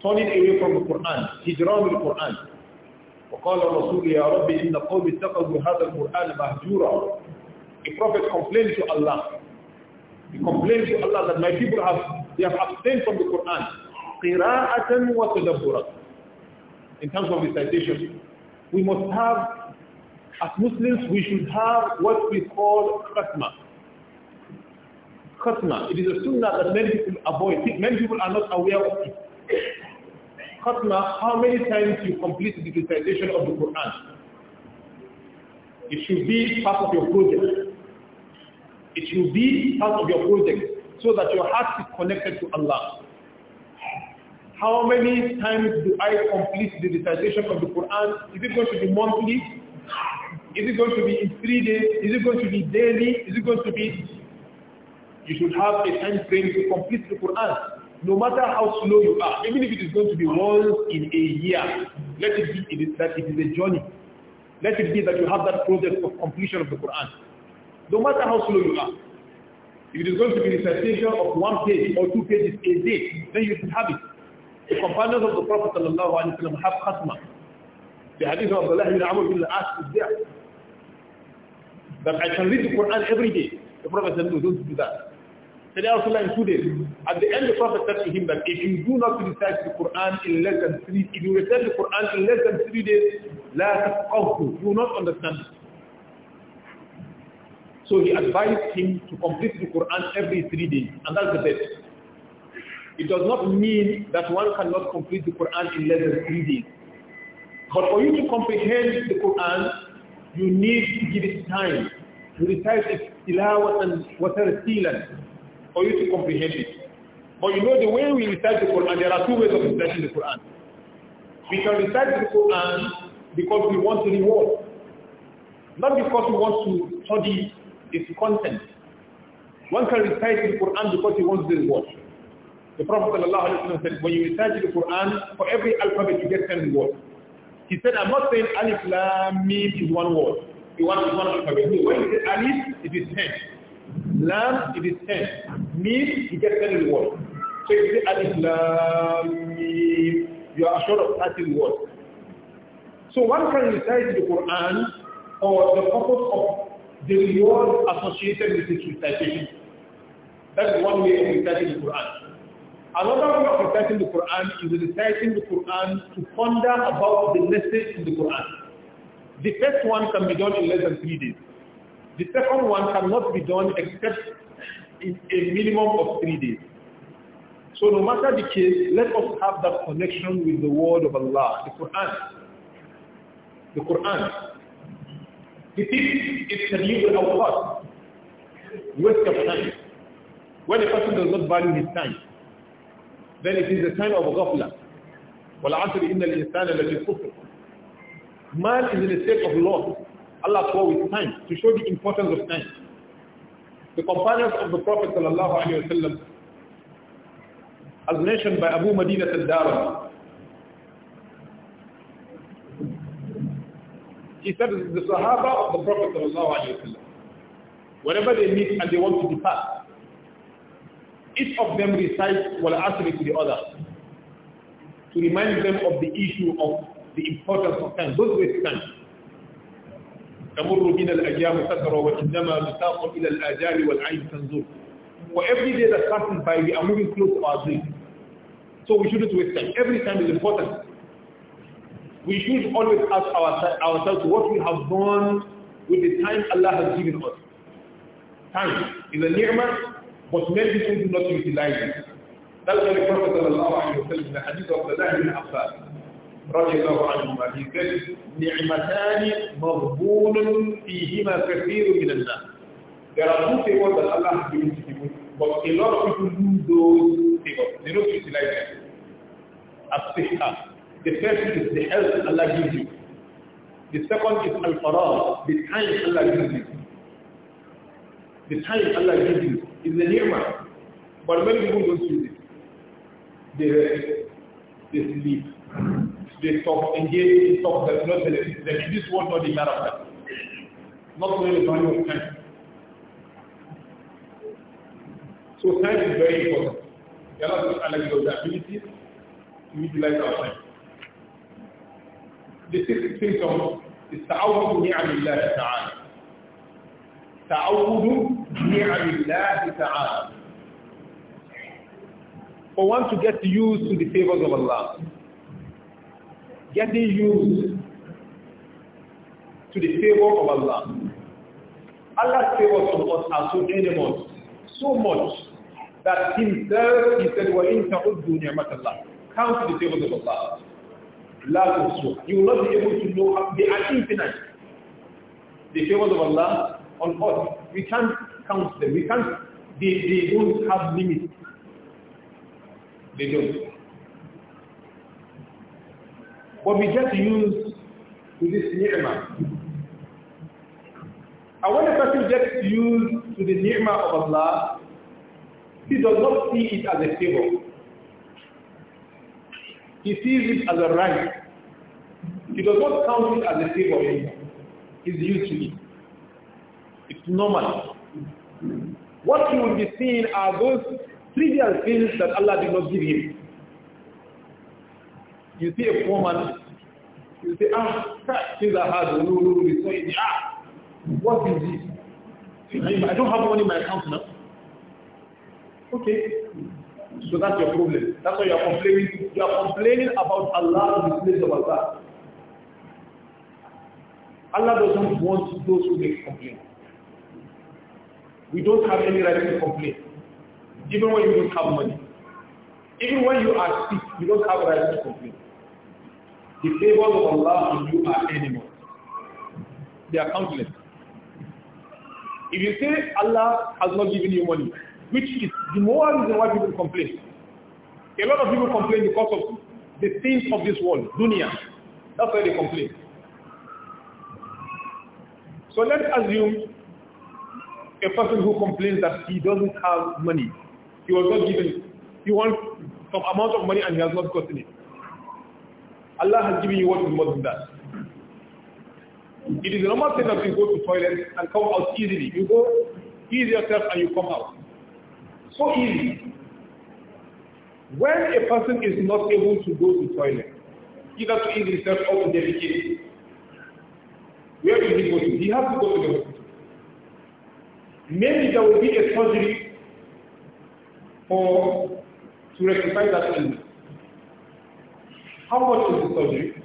Turning away from the Quran, hijrah with the Quran. وقال الرسول يا رب إن قوم اتخذوا هذا القرآن مهجورا. The Prophet complained to Allah. He complained to Allah that my people have, they have abstained from the Quran. قراءة وتدبرا. In terms of recitation, we must have, as Muslims, we should have what we call khatma. Khatma. It is a sunnah that many people avoid. Many people are not aware of it. Khatma, how many times you complete the recitation of the Quran? It should be part of your project. It should be part of your project so that your heart is connected to Allah. How many times do I complete the recitation of the Quran? Is it going to be monthly? Is it going to be in three days? Is it going to be daily? Is it going to be you should have a time frame to complete the Quran, no matter how slow you are. Even if it is going to be once in a year, let it be it is, that it is a journey. Let it be that you have that process of completion of the Quran. No matter how slow you are. If it is going to be recitation of one page or two pages a day, then you should have it. The companions of the Prophet ﷺ have khasma. The hadith of Abdullah ibn Amr ibn is there. That I can read the Quran every day. The Prophet said, no, don't do that. Sayyidina Rasulullah At the end, the Prophet said to him that if you do not recite the Quran in less than three, if you recite the Quran in less than three days, لا تفقهه, you will not understand it. So he advised him to complete the Quran every three days, and that's the best. It does not mean that one cannot complete the Quran in less than three days. But for you to comprehend the Quran, you need to give it time to recite it tilawatan wa tartilan for you to comprehend it. But you know the way we recite the Quran, there are two ways of reciting the Quran. We can recite the Quran because we want to reward. Not because we want to study its content. One can recite the Quran because he wants the reward. The Prophet ﷺ said, when you recite the Quran, for every alphabet you get 10 words. He said, I'm not saying Alif, Lam, Mim is one word. It one is one alphabet. when you say Alif, it is 10. Lam, it is 10. Mean, you get 10 rewards. So if you say Alif you are assured of 30 rewards. So one can recite the Quran for the purpose of the reward associated with its recitation. That is one way of reciting the Quran. Another way of reciting the Quran is reciting the Quran to ponder about the message in the Quran. The first one can be done in less than three days. The second one cannot be done except is a minimum of three days. So no matter the case, let us have that connection with the word of Allah, the Quran. The Quran. The fifth is Taryib al-Awqat, waste of time. When a person does not value his time, then it is the time of ghafla. وَالْعَصْرِ إِنَّ الْإِنسَانَ لَفِي Man is in a state of loss. Allah swore with time to show the importance of time the companions of the Prophet ﷺ, as mentioned by Abu Madinah al-Dara. He said the Sahaba of the Prophet ﷺ, whenever they meet and they want to depart, each of them recites wal asri to the other to remind them of the issue of the importance of time, those waste time. تمر بنا الأيام سكرا وإنما نساق إلى الآجال والعين تنظر For every day that passes by, we are moving close to our So we shouldn't waste time. Every time is important. We should always ask ourselves what we have done with the time Allah has given us. Time is a ni'mah, but many people do not utilize it. That's why the Prophet sallallahu alayhi wa sallam, the hadith of the Ibn Abbas, رضي الله عنهما في ذلك نعمتان مغبون فيهما كثير من الناس There are two favors that Allah has given to people, but a lot of people lose those favors. They don't utilize them. As-sihha. The first is the health Allah gives you. The second is al-farah, the time Allah gives you. The time Allah gives you is the ni'mah. But many people don't use it. They rest, they sleep, they stop engaging, stop that's not benefit them in this world, not the hereafter. Not only the value of time. So time is very important. There are like the ability to utilize our time. The sixth symptom is تعود نعم Taala. تعالى. تعود نعم الله تعالى. For one to get used to the favors of Allah getting used to the favor of Allah. Allah's favors on us are so enormous, so much that himself he said, وَإِن تَعُدُّ نِعْمَةَ اللَّهِ Count the favors of Allah. La tusruh. You will not be able to know, they are infinite. The favors of Allah on us, we can't count them. We can't, they, they don't have limits. They don't. But we get used to this ni'mah. And when a person gets used to the ni'mah of Allah, he does not see it as a favor. He sees it as a right. He does not count it as a favor anymore. He's used to it. It's normal. What he will be seeing are those trivial things that Allah did not give him. You see a poor man, you say, ah, things are hard, no, no, no, so easy. Ah, what is this? I don't have money in my account now. Okay. So that's your problem. That's why you are complaining. You are complaining about Allah in the place of Allah. Allah doesn't want those who make complaints. We don't have any right to complain, even when you don't have money. Even when you are sick, you don't have a right to complain. The favors of Allah on you are animals. They are countless. If you say Allah has not given you money, which is the more reason why people complain. A lot of people complain because of the things of this world, dunya. That's why they complain. So let's assume a person who complains that he doesn't have money. He was not given, he wants some amount of money and he has not gotten it. Allah has given you what is more than that. It is a normal thing that you go to toilet and come out easily. You go, ease yourself and you come out. So easy. When a person is not able to go to toilet, either to ease himself or to dedicate, where is he going? to? He has to go to the hospital. Maybe there will be a surgery for to rectify that illness. How much is the surgery?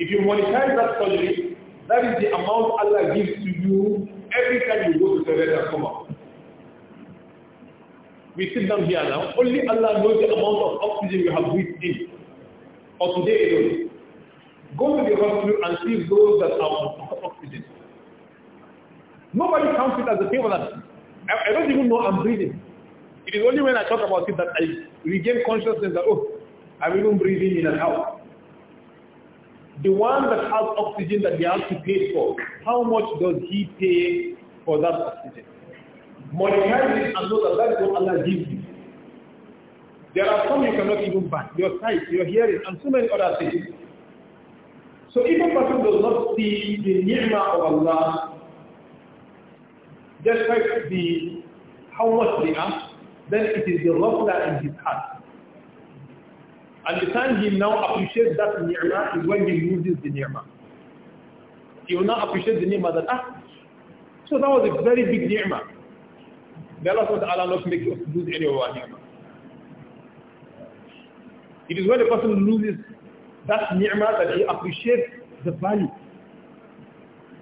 If you monetize that surgery, that is the amount Allah gives to you every time you go to Toilet and come out. We sit down here now. Only Allah knows the amount of oxygen you have breathed in. Or today alone. Go to the hospital and see those that are on oxygen. Nobody counts it as a favor that I, I don't even know I'm breathing. It is only when I talk about it that I regain consciousness that, oh, I'm even breathing in and out. The one that has oxygen that he has to pay for, how much does he pay for that oxygen? Monetize it and know that that is what Allah gives you. There are some you cannot even buy. Your sight, your hearing, and so many other things. So if a person does not see the ni'mah of Allah, despite the how much they ask, then it is the ghafla in his heart. And the time he now appreciates that ni'mah is when he loses the ni'mah. He will now appreciate the ni'mah that, ah, so that was a very big ni'mah. May Allah SWT not make us lose any of our ni'mah. It is when a person loses that ni'mah that he appreciates the value.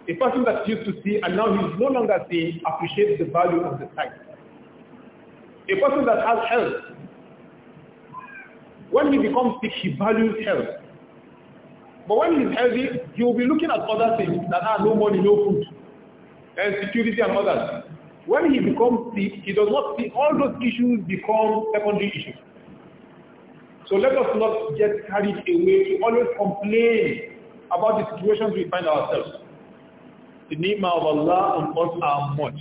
A person that used to see and now he's no longer seeing appreciates the value of the sight. A person that has health when he becomes sick, he values health. But when he's healthy, he will be looking at other things that are ah, no money, no food, and security and others. When he becomes sick, he does not see all those issues become secondary issues. So let us not get carried away to always complain about the situations we find ourselves. The name of Allah on us are much.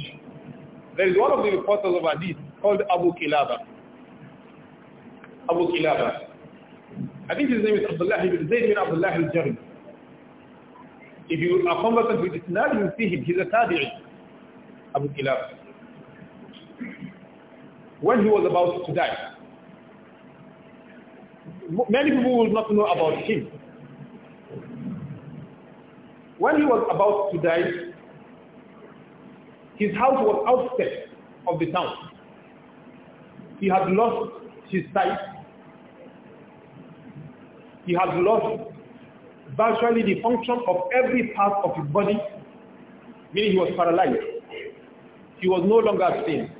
There is one of the reporters of Hadith called Abu Kilaba. Abu Kilaba. I think his name is Abdullah ibn Zayd bin Abdullah al-Jari. If you are conversant with Islam, you will see him. He's a tabi'i, Abu Kilaba. When he was about to die, many people will not know about him. When he was about to die, his house was outside of the town. He had lost his sight he has lost virtually the function of every part of his body, meaning he was paralyzed. He was no longer seen.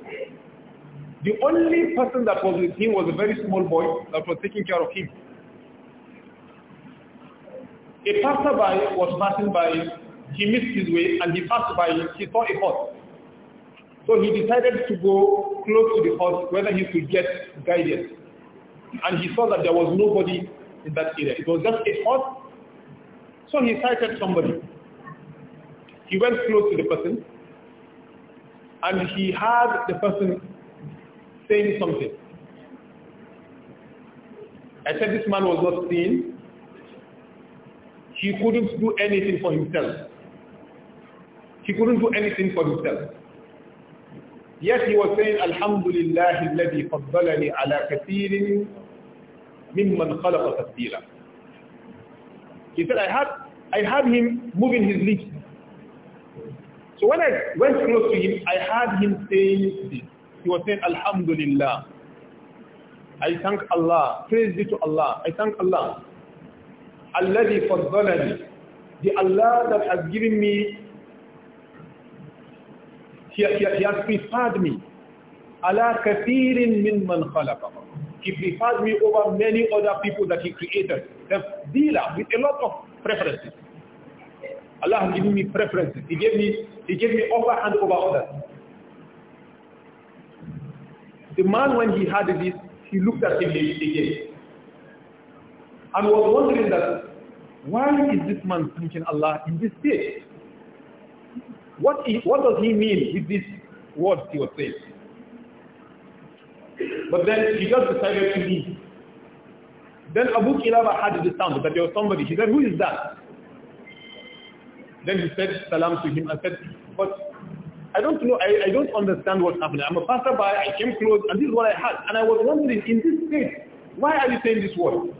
The only person that was with him was a very small boy that was taking care of him. A passerby was passing by, he missed his way and he passed by, he saw a horse. So he decided to go close to the horse whether he could get guidance. And he saw that there was nobody in that area. It was just a horse. So he sighted somebody. He went close to the person and he heard the person saying something. I said this man was not seen. He couldn't do anything for himself. He couldn't do anything for himself. Yet he was saying, Alhamdulillah, الذي فضلني على كثير مِمَّنْ خَلَقَ He said, I had, I had him moving his lips. So when I went close to him, I heard him saying this. He was saying, Alhamdulillah. I thank Allah. Praise be to Allah. I thank Allah. الذي فضلني The Allah that has given me, he, he, he has preferred me. على min man خلقه he prefers me over many other people that He created. The dealer with a lot of preferences. Allah has given me preferences. He gave me, he gave me upper over others. The man, when he had this, he looked at him again and was wondering that why is this man thanking Allah in this state? What, is, what does he mean with these words he was saying? But then he just decided to leave. Then Abu Kilaba had the sound that there was somebody. He said, who is that? Then he said salam to him and said, but I don't know, I, I don't understand what's happening. I'm a passerby, I came close, and this is what I had. And I was wondering, in this state, why are you saying this word?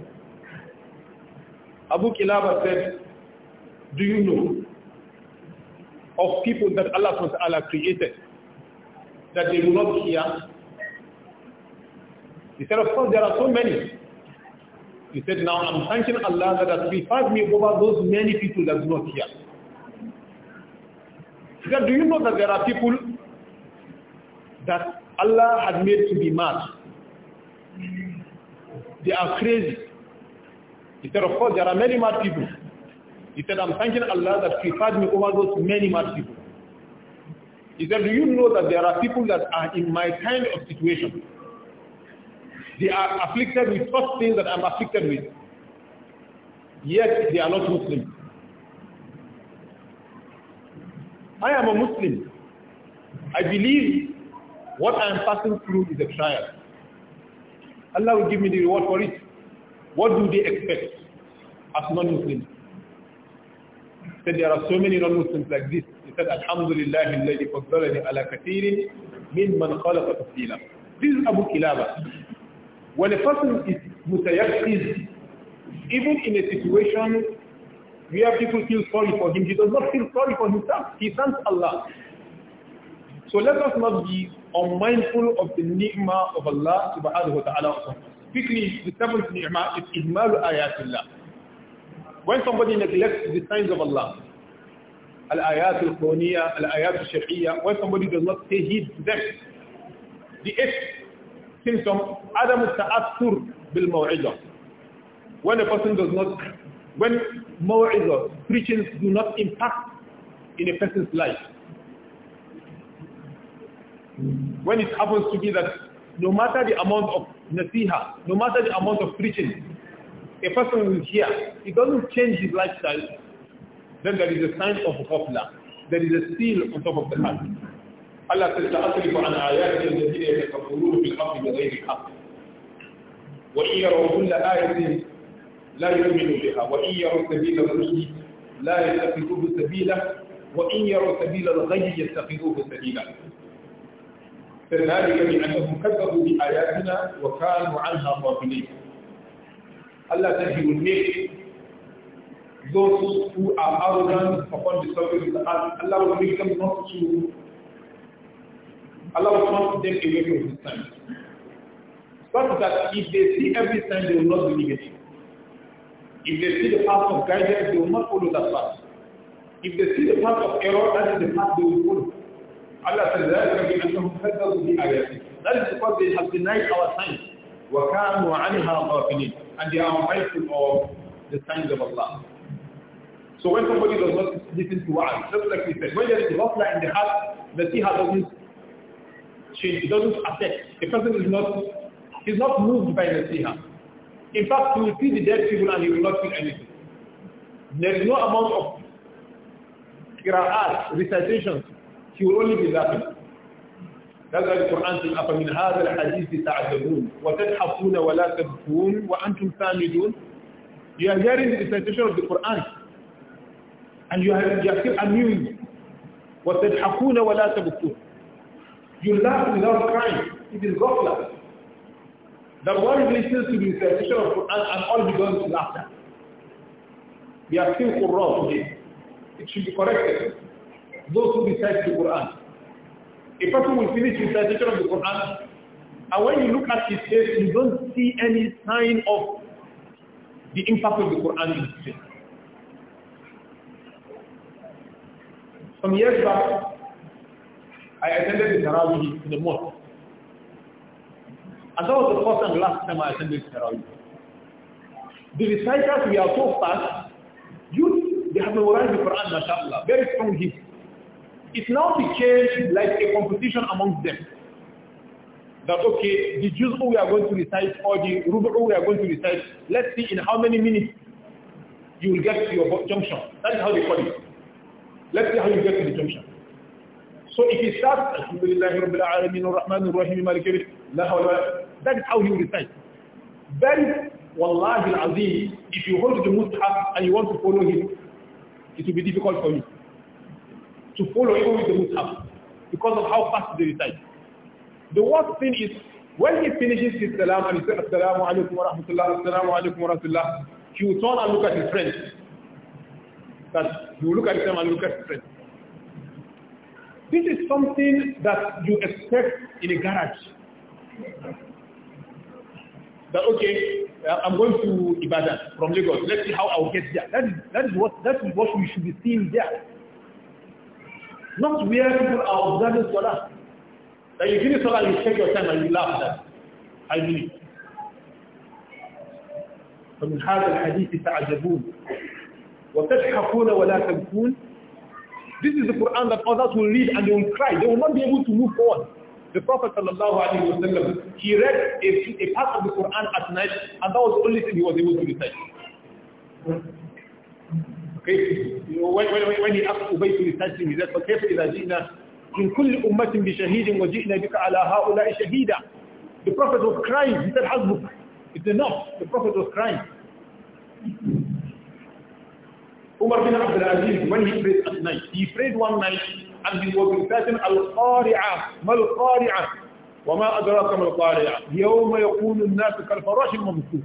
Abu Kilaba said, do you know of people that Allah SWT created that they will not hear he said, of course, there are so many. He said, now I'm thanking Allah that has preferred me over those many people that's not here. He said, do you know that there are people that Allah had made to be mad? They are crazy. He said, of course, there are many mad people. He said, I'm thanking Allah that preferred me over those many mad people. He said, do you know that there are people that are in my kind of situation? They are afflicted with such things that I'm afflicted with. Yet they are not Muslims. I am a Muslim. I believe what I am passing through is a trial. Allah will give me the reward for it. What do they expect as non-Muslims? Said there are so many non-Muslims like this. He said, Alhamdulillah, الذي ala kathirin min man خلق تفضيلا. This is Abu Kilaba. When a person is mutayaqiz, even in a situation where people feel sorry for him, he does not feel sorry for himself. He thanks Allah. So let us not be unmindful of the ni'mah of Allah subhanahu wa ta'ala. Quickly, the seventh ni'mah is ihmalu ayatullah. When somebody neglects the signs of Allah, al-ayat al-qawniya, al-ayat al-shari'iyya, when somebody does not pay heed to them, the eighth symptom, Adam ta'assur bil maw'idah. When a person does not, when maw'idah, preachings do not impact in a person's life. When it happens to be that no matter the amount of nasiha, no matter the amount of preaching, a person will hear, it doesn't change his lifestyle, then there is a sign of ghafla. There is a seal on top of the heart. ألا تستأصلف عن آيات الذين يتكبرون في الأرض بغير الحق وإن يروا كل آية لا يؤمنوا بها وإن يروا سبيل الرشد لا يتخذوه سبيلا وإن يروا سبيل الغي يتخذوه سبيلا فذلك بأنهم كذبوا بآياتنا وكانوا عنها غافلين ألا تجدوا he those who are arrogant upon the surface of the earth, Allah will make them not to Allah will not take away from this time. Such that if they see every time, they will not believe it. If they see the path of guidance, they will not follow that path. If they see the path of error, that is the path they will follow. Allah says, That is because they have denied our signs. وَكَانُوا عَنِهَا غَافِلِينَ And they are mindful of the signs of Allah. So when somebody does not listen to us, just like we said, when there is ghafla in the heart, the siha doesn't change. It doesn't affect. The person is not, is not moved by the In fact, he will see the dead people and he will not feel anything. There is no amount of qira'at, recitations. He will only be laughing. That's why the Quran says, أَفَمِنْ هَذَا الْحَدِيثِ تَعْجَبُونَ وَتَضْحَكُونَ وَلَا تَبْكُونَ وَأَنْتُمْ سَامِدُونَ You are hearing the recitation of the Quran and you are, you are still amused. وَتَضْحَكُونَ وَلَا تَبْكُونَ you laugh without crying. It is ghafla. That world listens to the recitation of Quran and all to laughter. We are still Quran today. It should be corrected. Those who recite the Quran. A person will finish recitation of the Quran and when you look at his face, you don't see any sign of the impact of the Quran in his face. Some years back, I attended the Tarawih in the mosque. And that was the first and last time I attended Tarawih. The reciters, we are so fast, you, they have memorized the Quran, mashallah, very strong It is It now became like a competition amongst them. That, okay, the Jews who we are going to recite or the who we are going to recite, let's see in how many minutes you will get to your junction. That is how they call it. Let's see how you get to the junction. So if he starts, Alhamdulillah, Rabbil Alameen, Ar-Rahman, Ar-Rahim, Malik, that is how he will recite. Then, والله al if you hold the Mus'haf and you want to follow him, it will be difficult for you to follow even with the Mus'haf because of how fast they recite. The worst thing is when he finishes his salam and he says, Assalamu alaikum wa rahmatullah, Assalamu alaikum wa rahmatullah, he will turn and look at his friend. That he will look at him and look at his friend. This is something that you expect in a garage. That okay, uh, I'm going to Ibadan from Lagos. Let's see how I'll get there. That is, that is what that is what we should be seeing there. Not where people are observing Salah. That you finish Salah, you take your time and you laugh at that. I believe. فمن هذا الحديث تعجبون وتضحكون ولا تبكون this is the Quran that others will read and they will cry. They will not be able to move forward. The Prophet وسلم he read a, a part of the Quran at night and that was the only thing he was able to recite. Okay? You know, when, when, when he asked Ubay to recite him, he said, فَكَيْفَ إِذَا جِئْنَا مِنْ كُلِّ أُمَّةٍ بِشَهِيدٍ وَجِئْنَا بِكَ عَلَى هَؤُلَاءِ شَهِيدًا The Prophet was crying. He said, hazbuk. It's enough. The Prophet was crying. عمر بن عبد العزيز من هي فريد أتناي هي فريد وان ناي عبد الوبي ساتن القارعة ما القارعة وما أدراك ما القارعة يوم يكون الناس كالفراش المنصوب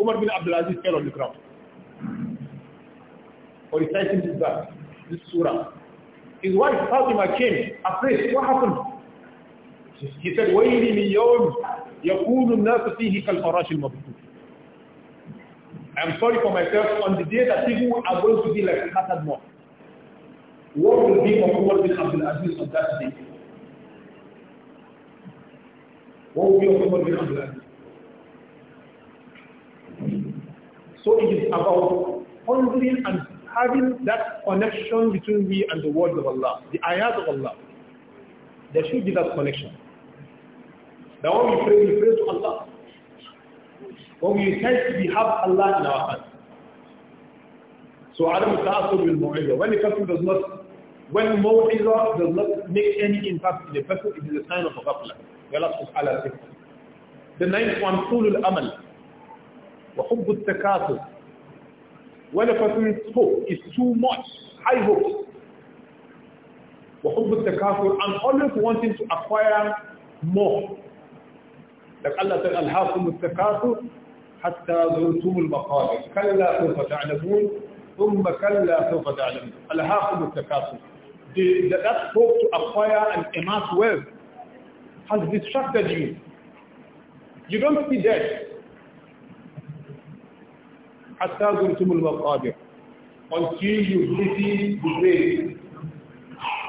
عمر بن عبد العزيز قال الإكرام ورسائل الزباد للسورة His wife Fatima came afraid. What happened? He said, يوم يكون الناس فيه كالفراش المبطون." I'm sorry for myself on the day that people are going to be like scattered more. What will be of what Umar have been Aziz on that day? What will be of what bin have Aziz? So it is about pondering and having that connection between we and the words of Allah, the ayat of Allah. There should be that connection. Now one we pray, we pray to Allah. When we recite, we have Allah in our hands, So Adam ta'asub bil mu'iza. When a person does not, when mu'iza does not make any impact in a person, it is a sign of a ghafla. The ninth one, al amal. Wa hubbu takathur. When a person's hope is too much, high hopes, وحب التكاثر and always wanting to acquire more. Like Allah said, ألهاكم التكاثر حتى زرتم المقابر كلا سوف تعلمون ثم كلا سوف تعلمون ألهاكم التكاثر The, the, that hope to acquire an immense wealth has distracted you. You don't see death. حتى زرتم المقابر until you visit the grave.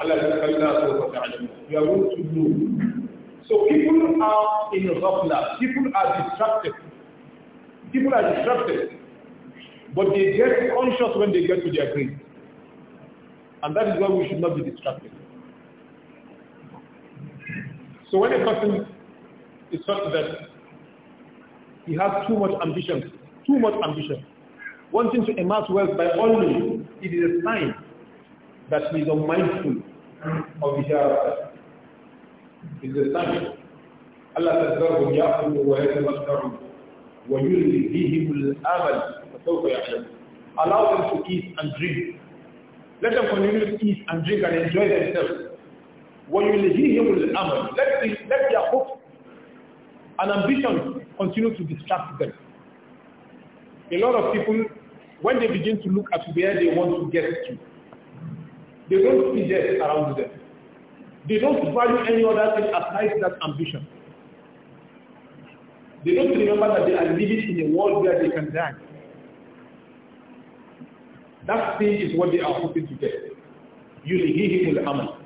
Allah You are going to move. So people are in ghafla. People are distracted. People are distracted, but they get conscious when they get to their grave. And that is why we should not be distracted. So when a person is such that he has too much ambition, too much ambition, wanting to amass wealth by all means, it is a sign that he is unmindful of his hereafter. It is a sign. Allah says, ويلهيهم الأمل فسوف يعلم allow them to eat and drink let them continue to eat and drink and enjoy themselves ويلهيهم الأمل let, let their hope and ambition continue to distract them a lot of people when they begin to look at where they want to get to they don't see death around them they don't value any other thing aside that ambition they don't remember that they are living in a world where they can die. That thing is what they are hoping to get. يُلْهِهِمُ الْأَمَلِ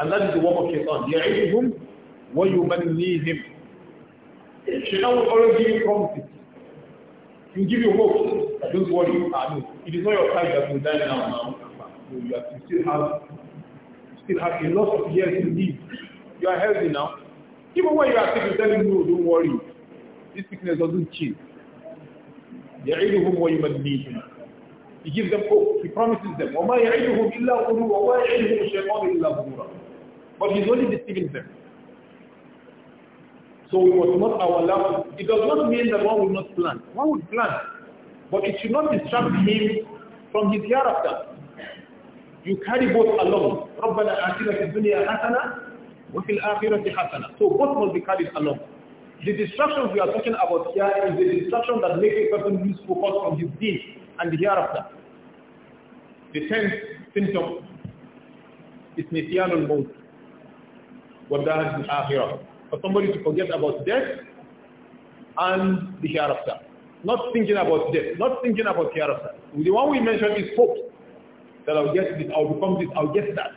And that is the work of Shaitan. يَعِدُهُمْ وَيُمَنِّيهِمْ Shaitan will always give you promises. He will give you hope. don't worry. It is not your time that will die now. now. You, still have you still have a lot of years to live. You are healthy now. Even when you are sick, you tell him, no, don't worry. This sickness doesn't kill. He gives them hope. He promises them. But he is But he's only deceiving them. So it was not our love. It does not mean that one will not plan. One will plan. But it should not distract him from his hereafter. You carry both along. رَبَّنَا فِي الدُّنْيَا حَسَنَةً وَفِي الْآخِرَةِ حَسَنَةً So both must be carried along. The distractions we are talking about here is the distraction that makes a person lose focus on his deed and the hereafter. The tenth symptom is نسيان الموت وَالدَّهَرِ الْآخِرَةِ For somebody to forget about death and the hereafter. Not thinking about death, not thinking about hereafter. The one we mentioned is hope that I'll get this, I'll become this, I'll get that.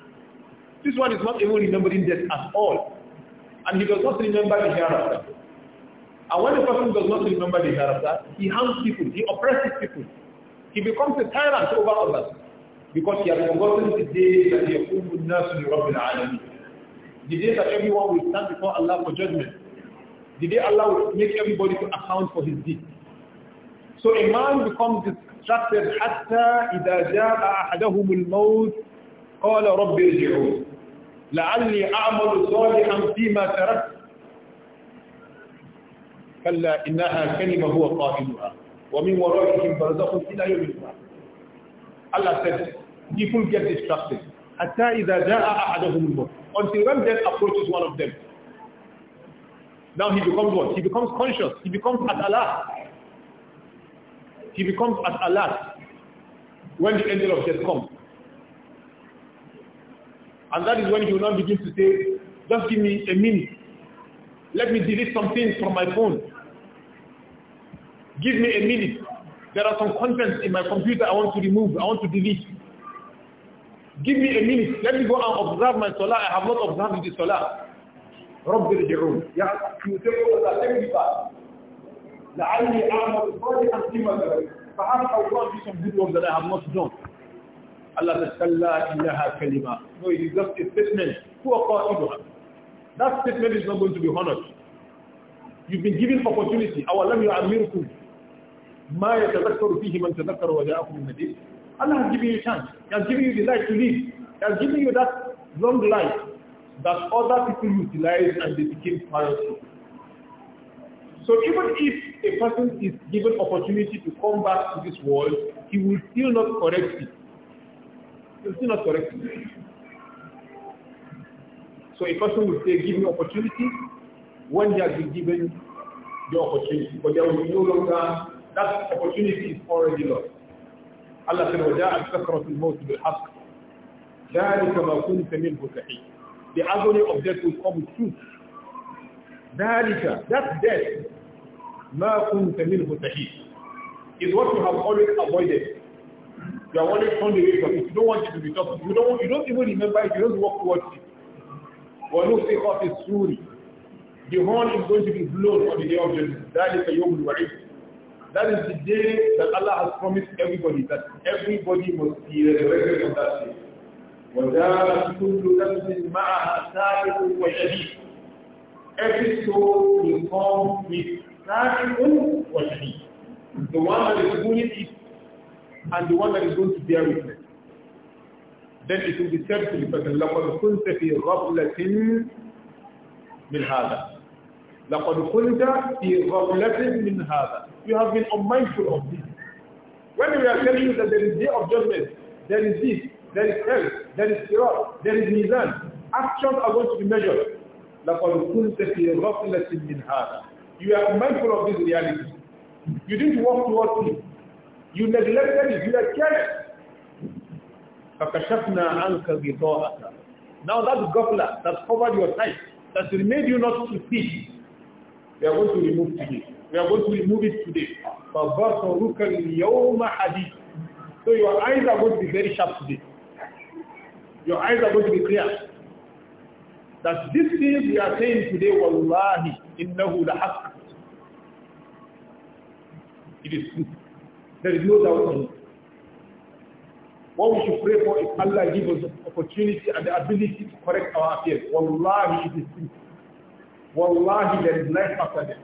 This one is not even remembering death at all. And he does not remember the hereafter. And when a person does not remember the hereafter, he harms people, he oppresses people. He becomes a tyrant over others because he has forgotten the day that يقوم الناس لرب العالمين. The day that everyone will stand before Allah for judgment. The day Allah will make everybody to account for his deeds. So a man becomes distracted حتى إذا جاء أحدهم الموت قال رب ارجعون. لعلي أعمل صالحا فيما تركت كلا إنها كلمة هو قائلها ومن ورائهم برزخ إلى يوم القيامة Allah said, people get distracted. حتى إذا جاء أحدهم الموت Until when death approaches one of them. Now he becomes what? He becomes conscious. He becomes at Allah. He becomes at Allah when the angel of death comes. And that is when he will now begin to say, just give me a minute. Let me delete some things from my phone. Give me a minute. There are some contents in my computer I want to remove, I want to delete. Give me a minute. Let me go and observe my salah. I have not observed the salah. رب ارجعون يا لعلي اعمل صالحا فيما تركت فهل الله في some good work that I have not done Allah Kalla illaha kalima. No, it is just a statement. Who are Ibrahim? That statement is not going to be honored. You've been given opportunity. Our lam yu'amirukum. Ma yatadakkaru fihi man tadakkara wa ja'akum min hadith. Allah has given you a chance. He has given you the life to live. He has given you that long life that other people utilise and they became pious So even if a person is given opportunity to come back to this world, he will still not correct it it's still not correct. So a person will say, give me opportunity when he has been given the opportunity. But there will be no longer, that opportunity is already lost. Allah said, وَجَاءَتْ سَكْرَةُ الْمَوْتِ بِالْحَقِّ ذَلِكَ مَا كُنْتَ مِنْهُ تَحِيدٌ The agony of death will come with truth. ذَلِكَ That death, مَا كُنْتَ مِنْهُ تَحِيدٌ is what you have always avoided. You are always on the way from You don't want to be talking. You don't, you don't even remember it. You don't walk towards it. But no say off oh, is truly. The horn is going to be blown on the day of judgment. That is the Yom That is the day that Allah has promised everybody that everybody must be resurrected on that day. Every soul will come with سَابِقٌ وَشَهِيد. The one that is doing it and the one that is going to bear witness. Then it will be said to the person, لَقَدْ كُنْتَ فِي غَفْلَةٍ مِنْ هَذَا لَقَدْ كُنْتَ فِي غَفْلَةٍ مِنْ هَذَا You have been unmindful of this. When we are telling you that there is day of judgment, there is this, there is hell, there is sirat, there is mizan, actions are going to be measured. لَقَدْ كُنْتَ فِي غَفْلَةٍ مِنْ هَذَا You are mindful of this reality. You didn't walk towards it. You neglected it, you were careless. فَكَشَفْنَا عَنْكَ غِطَاءَكَ Now that gopla that covered your sight, that made you not to see, we are going to remove today. We are going to remove it today. فَبَصَرُكَ الْيَوْمَ حَدِيث So your eyes are going to be very sharp today. Your eyes are going to be clear. That this thing we are saying today, وَاللَّهِ إِنَّهُ لَحَقٍ It is true. There is no doubt on it. What we should pray for is Allah give us opportunity and the ability to correct our affairs. Wallahi, it is true. Wallahi, there is life after death.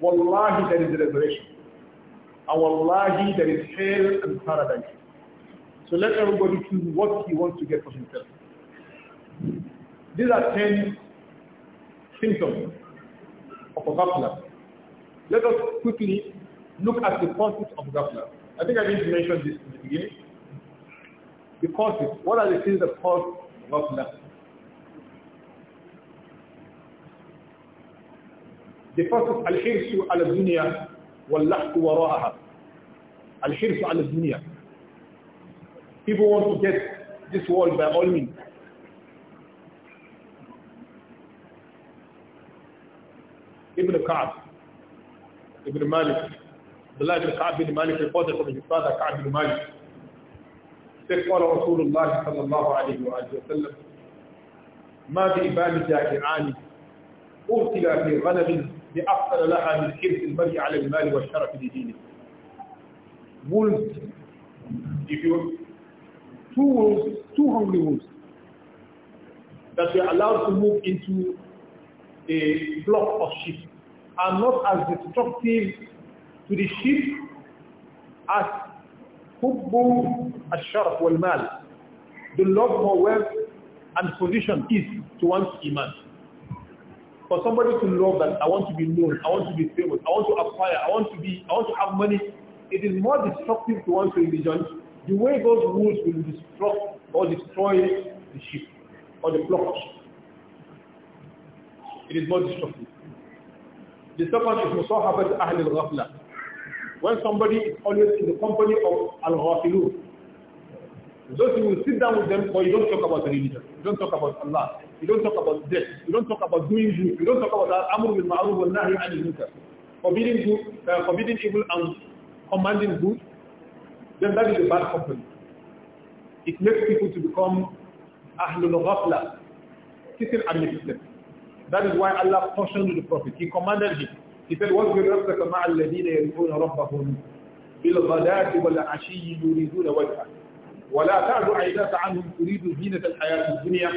Wallahi, there is resurrection. And wallahi, there is hell and paradise. So let everybody choose what he wants to get for himself. These are 10 symptoms of a ghafla. Let us quickly look at the causes of governor. I think I need to mention this in the beginning. The causes. What are the things that cause governor? The first is al-hirsu al-dunya wal-lahku wara'aha. Al-hirsu al-dunya. People want to get this world by all means. Ibn Ka'ab, Ibn Malik, عبد الله بن كعب بن مالك القدر من استاذ كعب بن مالك تقول رسول الله صلى الله عليه واله وسلم ما بابان جائعان ارسل في غنم لافضل لها من حرص المرء على المال والشرف لدينه wolves if you two wolves two hungry wolves that were allowed to move into a flock of sheep are not as destructive to the sheep as hubbu al-sharaf wal-mal. The love for wealth and position is to one's iman. For somebody to love that I want to be known, I want to be famous, I want to acquire, I want to be, I want to have money, it is more destructive to one's religion. The way those rules will destruct or destroy the sheep or the flock of It is more destructive. The second is musahabat ahl al-ghafla when somebody is always in the company of al-ghafilu. Those who will sit down with them, but you don't talk about religion. You don't talk about Allah. You don't talk about death. You don't talk about doing good. You don't talk about amr bil ma'ruf wal nahi anil munkar. Forbidding good, uh, forbidding evil and commanding good. Then that is a bad company. It makes people to become ahlul ghafla, sitting and them. That is why Allah cautioned the Prophet. He commanded him. قال وزر نفسك مع الذين يدعون ربهم بالغداة والعشي يريدون وجهه ولا تعد عيناك عنهم تريد زينة الحياة الدنيا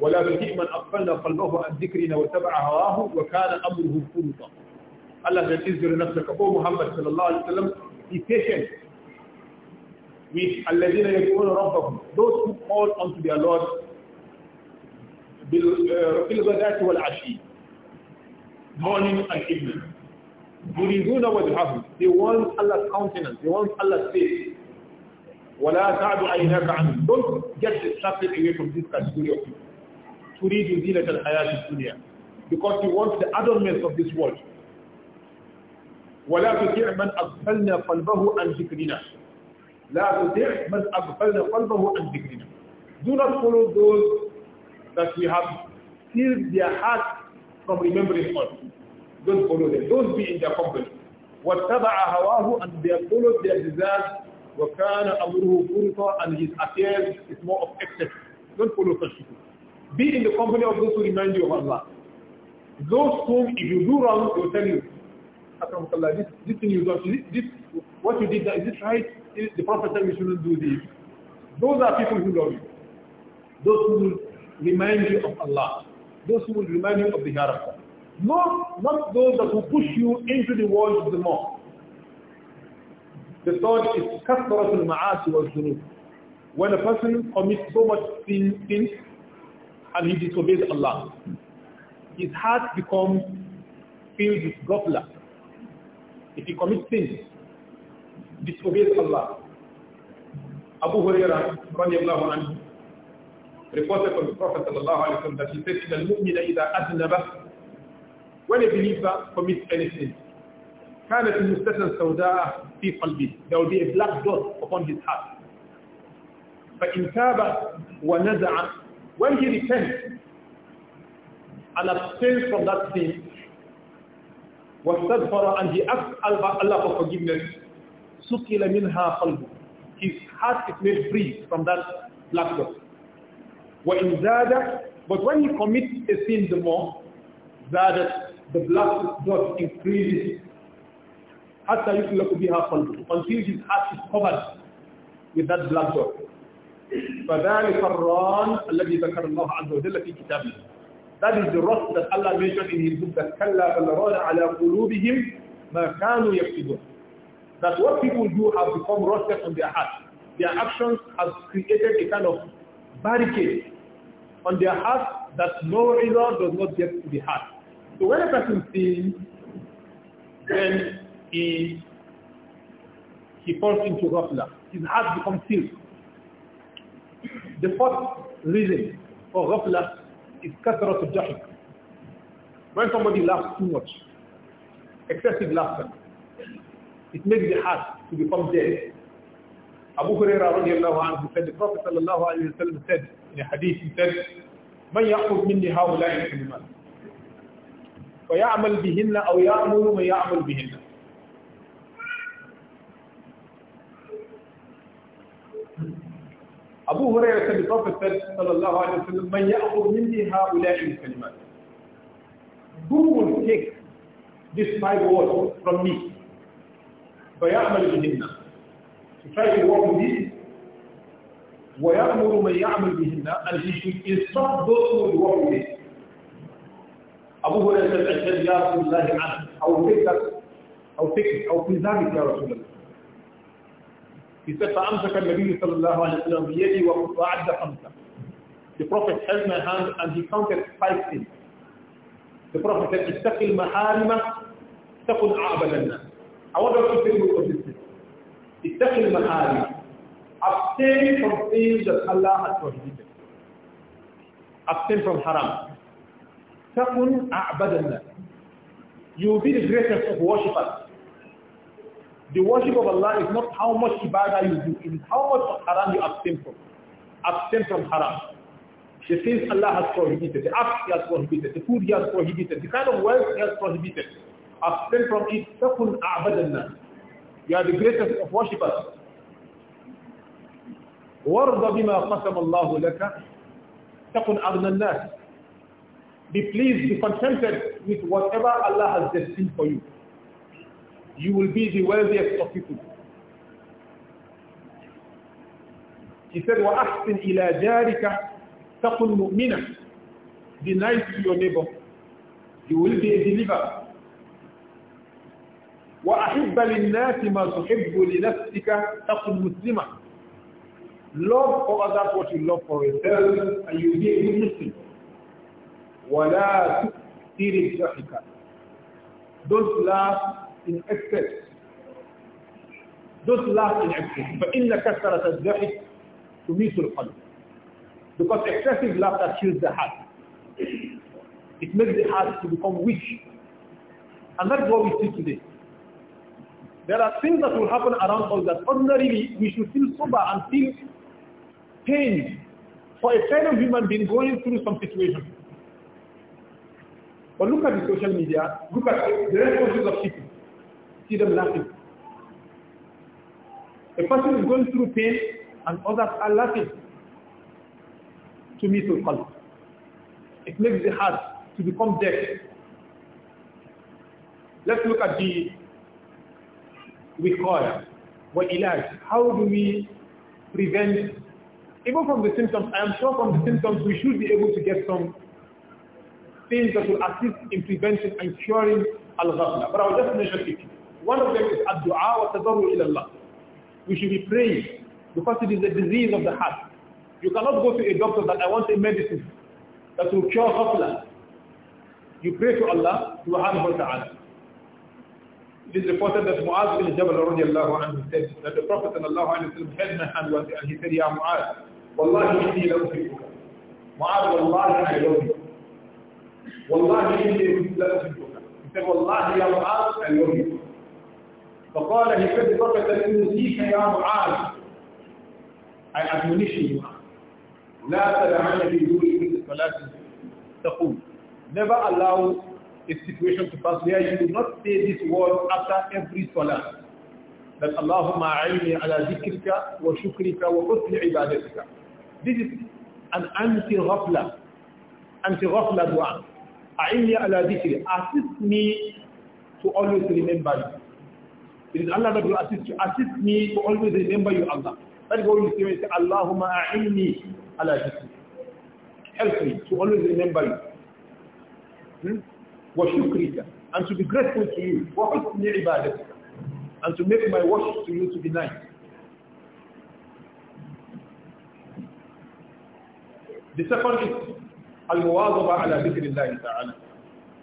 ولا تطيع من أغفلنا قلبه عن ذكرنا واتبع هواه وكان أمره فرطا الله said, نفسك أو محمد صلى الله عليه وسلم sallam, be patient with الذين يدعون ربهم those who call unto their Lord, آه، بالغداة والعشي morning and evening. know يريدون وجهه they want Allah's countenance they want Allah's face ولا تعد عيناك عنه don't get distracted away from this category of people تريد زينة الحياة الدنيا because you want the adornments of this world ولا تطيع من أغفلنا قلبه عن ذكرنا لا تطيع من أغفلنا قلبه عن ذكرنا do not follow those that we have sealed their hearts from remembering us. Don't follow them. Don't be in their company. وَاتَّبَعَ هَوَاهُ And they followed their desires. وَكَانَ أَمْرُهُ فُرْطًا And his affairs is more of excess. Don't follow such people. Be in the company of those who remind you of Allah. Those whom, if you do wrong, they will tell you, this, this thing you got, this, what you did, is this right? The Prophet said we shouldn't do this. Those are people who love you. Those who remind you of Allah those who will remind you of the hereafter. Not, not those that will push you into the world of the mosque. The third is kasratul ma'asi wa zunub. When a person commits so much sin, sins and he disobeys Allah, his heart becomes filled with gafla. If he commits sins, disobeys Allah. Abu Hurairah, radiallahu anhu, reported from the Prophet وسلم, that he said, إِنَّ الْمُؤْمِنَ إِذَا أَذْنَبَ When a believer commits anything, كانت المستثنى السوداء في قلبه There will be a black dot upon his heart. فإن تاب ونزع When he repents and abstains from that sin, واستغفر and he asks Allah for forgiveness, سُكِلَ مِنْها قلبه His heart is made free from that black dot. وَإِنْ زَادَ But when he commits a sin the more, that the blood blood increases. حَتَّى يُخْلَقُ بِهَا قَلْبُ Until his heart is covered with that blood. فَذَلِكَ الرَّانِ الَّذِي ذَكَرَ اللَّهُ عَزَّ وَجَلَّ فِي كِتَابِهِ That is the rust that Allah mentioned in his book that كَلَّا بَلْرَانَ عَلَى قُلُوبِهِمْ مَا كَانُوا يَكْتِبُونَ That what people do have become rusted on their hearts. Their actions have created a kind of barricade on their heart that no error does not get to the heart. So when a person sins, then he, he falls into ghafla. His heart becomes sealed. The fourth reason for ghafla is kathrat jahik. When somebody laughs too much, excessive laughter, it makes the heart to become dead. Abu هريرة رضي الله عنه سيد الرسول صلى الله عليه وسلم said in a hadith he said من يأخذ مني هؤلاء الكلمات فيعمل بهن أو يأمر من يعمل بهن أبو هريرة سيد الرسول صلى الله عليه وسلم من يأخذ مني هؤلاء الكلمات who will take this five words from me فيعمل بهن فاجي الوقت دي ويأمر من يعمل بهن الهجر إصاب ضده الوقت دي أبوه لا يسأل أشهد يا رسول الله عنه أو فكر أو فكر أو في ذلك يا رسول الله في سفة أمسك النبي صلى الله عليه وسلم بيدي وأعد خمسة The Prophet held my hand and he counted five things. The Prophet said, اتق المحارمة اتق أعبد الناس. I wonder if you can look at this the mahari. Abstain from things that Allah has prohibited. Abstain from haram. Takun a'badanna. You will be the greatest of worshippers. The worship of Allah is not how much ibadah you do, it is how much of haram you abstain from. Abstain from haram. The things Allah has prohibited, the acts He has prohibited, the food He has prohibited, the kind of wealth He has prohibited. Abstain from it. Takun a'badanna. You are the greatest of worshippers. وَارْضَ بِمَا قَسَمَ اللَّهُ لَكَ تَقُنْ أَغْنَى النَّاسِ Be pleased, be contented with whatever Allah has destined for you. You will be the wealthiest of people. He said, وَأَحْسِنْ إِلَى جَارِكَ تَقُنْ مُؤْمِنًا Be nice to your neighbor. You will be a believer. وأحب للناس ما تحب لنفسك تكن مسلما love for others what you love for yourself and you be a good Muslim ولا تكثر الضحك don't laugh in excess don't laugh in excess فإن كثرة الضحك تميت القلب because excessive laughter kills the heart it makes the heart to become weak and that's what we see today there are things that will happen around us that ordinarily we should feel sober and feel pain for a fellow human being going through some situation. But look at the social media, look at the responses of people. See them laughing. A person is going through pain and others are laughing. To me, to qalb. It makes the heart to become deaf. Let's look at the وقاية وعلاج how do we prevent even from the symptoms I am sure from the symptoms we should be able to get some things that will assist in preventing and curing al-ghafla but I will just mention it one of them is ad-du'a wa tadarru ila Allah we should be praying because it is a disease of the heart you cannot go to a doctor that I want a medicine that will cure ghafla you pray to Allah subhanahu wa ta'ala it is reported that Mu'az bin Jabal anhu said that the Prophet ﷺ held my hand and he said, Ya Mu'az, Wallahi inni lawfiquka. Mu'az, Wallahi I love you. Wallahi inni lawfiquka. He said, Wallahi ya Mu'az, I love you. فقال he said the Prophet إنزيك يا معاذ I admonish you لا في الصلاة تقول never allow a situation to pass where you do not say this word after every salah. That Allahumma a'ini ala zikrika wa shukrika wa husni ibadatika. This is an anti-ghafla, anti-ghafla dua. A'ini ala zikri. Assist me to always remember you. It is Allah that will assist you. Assist me to always remember you, Allah. That is what you say when you say, Allahumma a'ini ala zikri. Help me to always remember you. Hmm? And to be grateful to you. وَحُسْنِ عِبَادَتِكَ And to make my worship to you to be nice. The second is Al-Muwazaba ala dhikrillahi ta'ala.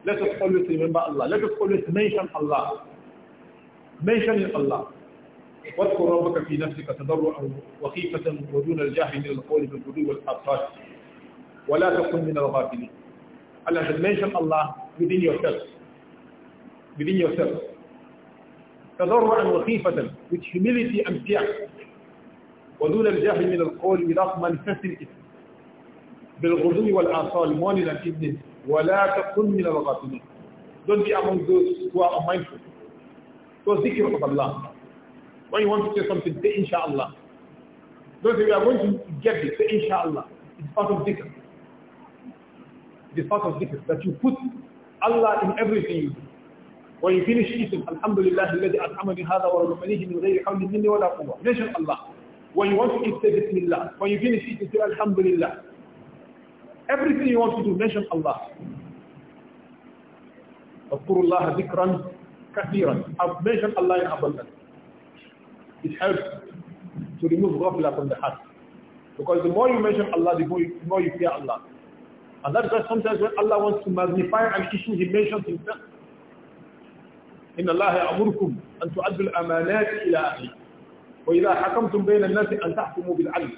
Let us always remember Allah. Let us always mention Allah. Mentioning Allah. واذكر ربك في نفسك تضرعا وخيفة ودون الجهل من القول بالغدو والآصال ولا تكن من الغافلين. Allah mention Allah within yourself. Within yourself. تضرعا وخيفة with humility and fear ودون الجهل من القول without manifesting it بالغدو والآصال and evening ولا من don't be among those who are unmindful so ذكر of Allah when you want to say something say inshallah don't say we are going to get it say inshallah it's part of dhikr it's part of dhikr that you put Allah in everything When you finish eating, Alhamdulillah, الذي أطعمني هذا ورزقنيه من غير حول مني ولا قوة. Mention Allah. When you want to eat, say Bismillah. When you finish eating, say Alhamdulillah. Everything you want to do, mention Allah. اذكروا الله ذكرا كثيرا. I've mentioned Allah in abundance. It helps to remove ghafla from the heart. Because the more you mention Allah, the more you fear Allah. And that is why sometimes when Allah wants to magnify an issue, He mentions Himself. إن الله يأمركم أن تؤدوا الأمانات إلى أهلها وإذا حكمتم بين الناس أن تحكموا بالعدل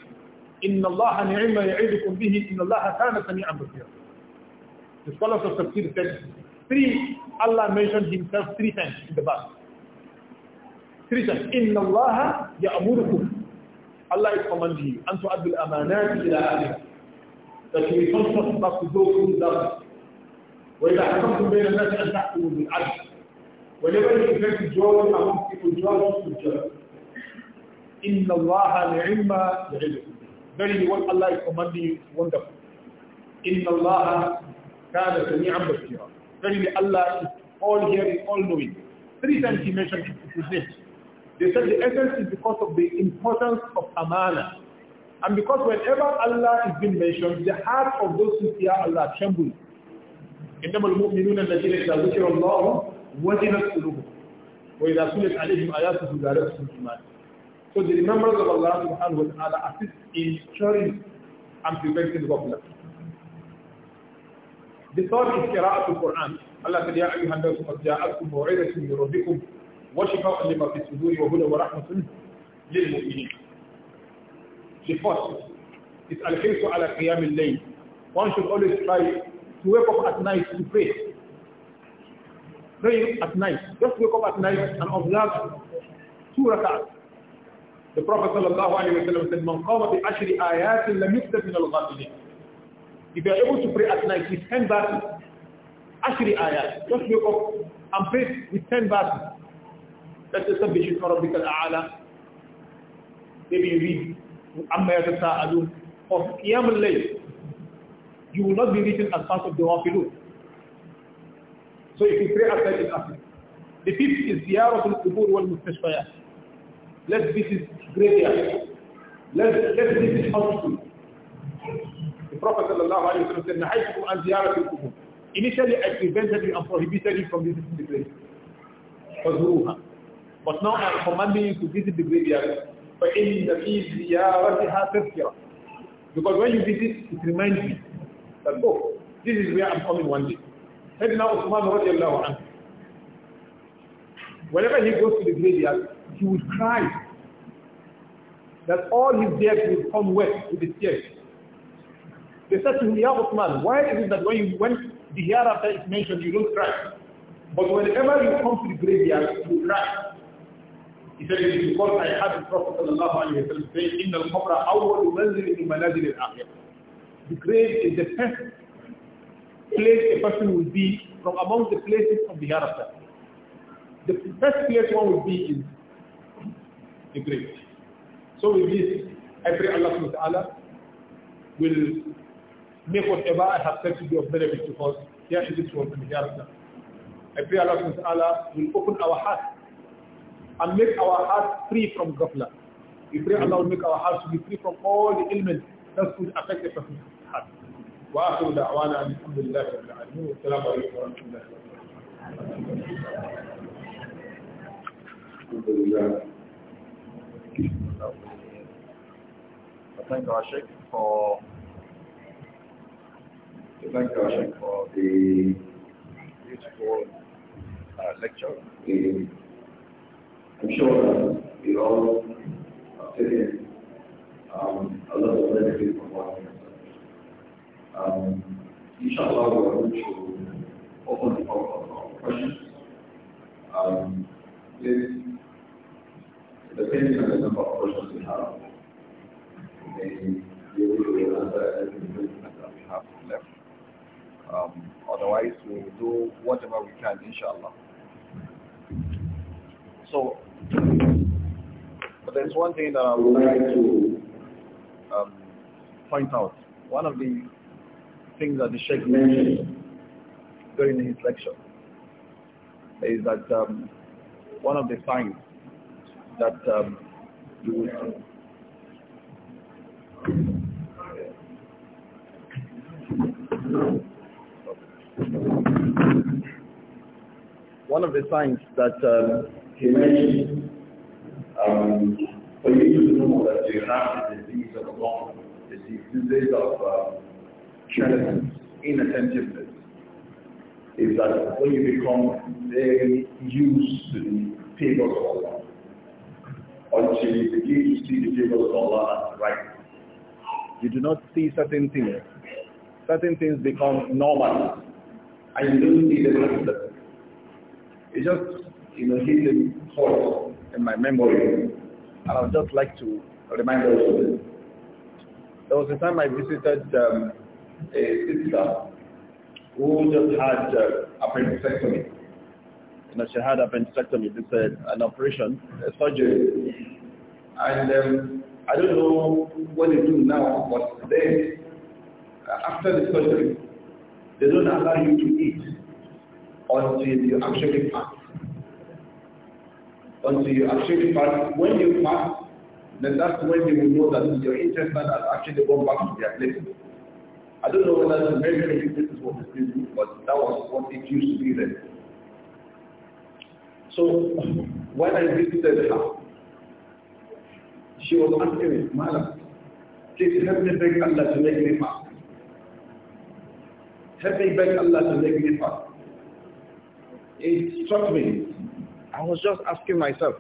إن الله نعم يعيدكم به إن الله كان سميعا بصيرا The scholars of Tafsir said three Allah mentioned himself three times in the verse three times إن الله يأمركم Allah is commanding you أن تؤدوا الأمانات إلى أهلها that we function but to go through that. وإذا حكمتم بين الناس أن تحكموا بالعدل. Whenever you make a judge among people, judge to judge. إن الله نعم يعظكم Verily what Allah is commanding you is wonderful. إن الله كان سميعا بصيرا. Verily Allah is all hearing, all knowing. Three times he mentioned his name. They said the essence is because of the importance of amana. And because whenever Allah is being mentioned, the heart of those who fear Allah tremble. إنما المؤمنون الذين إذا ذكر الله وجلت قلوبهم وإذا تلت عليهم آياته زادتهم إيمانا. So the remembrance of Allah subhanahu wa ta'ala assists in curing and preventing goblet. The third is قراءة القرآن. الله قد يا أيها الناس قد جاءتكم موعظة من ربكم وشفاء لما في الصدور وهدى ورحمة للمؤمنين. The first is al-hirsu ala qiyam al-layl. One should always try to wake up at night to pray. Pray at night. Just wake up at night and observe two rak'ahs. The Prophet sallallahu alayhi wa sallam said, "Man qama bi ashri ayatin lam yuktub min al-ghafilin." If you are able to pray at night with 10 verses, ashri ayat, just wake up and pray with 10 verses. Let's establish it for Rabbika al-A'la. Maybe you read amma ya tasa'alun of qiyamul layl you will not be written as part of the wafilun so if you pray after the asr the fifth is ziyaratul qubur wal mustashfayat let's visit graveyard let let's visit hospital the prophet sallallahu alaihi wasallam said nahaytu an al qubur initially i prevented you and prohibited you from visiting the grave fazuruha but now i am commanding you to visit the graveyard because when you visit, it reminds me that, oh, this is where I'm coming one day. Sayyidina Uthman radiallahu anhu, whenever he goes to the graveyard, he would cry that all his death will come wet with his tears. They said to him, Ya Uthman, why is it that when you went the hereafter is mentioned, you don't cry? But whenever you come to the graveyard, you cry. He said, it is because I had the Prophet ﷺ say, إِنَّ الْقَبْرَ أَوَّلُ مَنْزِلٍ مِنْ مَنَازِلِ الْآخِرَةِ The grave is the first place a person will be from among the places of the hereafter. The first place one will be is the grave. So with this, I pray Allah subhanahu wa ta'ala will make whatever I have said to be of benefit to us here in this world and hereafter. I pray Allah subhanahu wa ta'ala will open our hearts and make our hearts free from ghafla. We pray Allah will make our hearts to be free from all the ailments that could affect the person's heart. وآخر دعوانا أن الحمد لله رب العالمين والسلام عليكم ورحمة الله وبركاته. الحمد لله. Thank our Sheikh for thank our Sheikh for the beautiful uh, lecture. Mm-hmm. I'm sure we all have taken um, a lot of benefit from watching. Um, inshallah, we are going to open the floor for questions. Um, if, depending on the number of questions we have, we will be able to answer everything that we have left. Um, otherwise, we'll do whatever we can, inshallah. So, but there's one thing that I would like to um, point out. One of the things that the Sheikh mentioned during his lecture is that um, one of the signs that um, you would one of the signs that um, he mentioned um, for you to know that you have the disease of lung, the disease of um, carelessness, inattentiveness, is that when you become very used to the favors of Allah, until you begin to see the favors of Allah as right, you do not see certain things. Certain things become normal, and you don't see them. You just in a hidden thoughts in my memory. And I would just like to remind us of this. There was a time I visited um, a sister who just had uh, appendectomy. You know, she had appendectomy. This is uh, an operation, a surgery. And um, I don't know what they do now, but then uh, after the surgery, they don't allow you to eat until you actually pass until you actually pass, When you fast, then that's when they will know that your intestine has actually gone back to their place. I don't know whether very many places what it is, but that was what it used to be then. So when I visited her, she was asking me, Madam, please help me beg Allah to make me fast. Help me beg Allah to make me fast. It struck me I was just asking myself,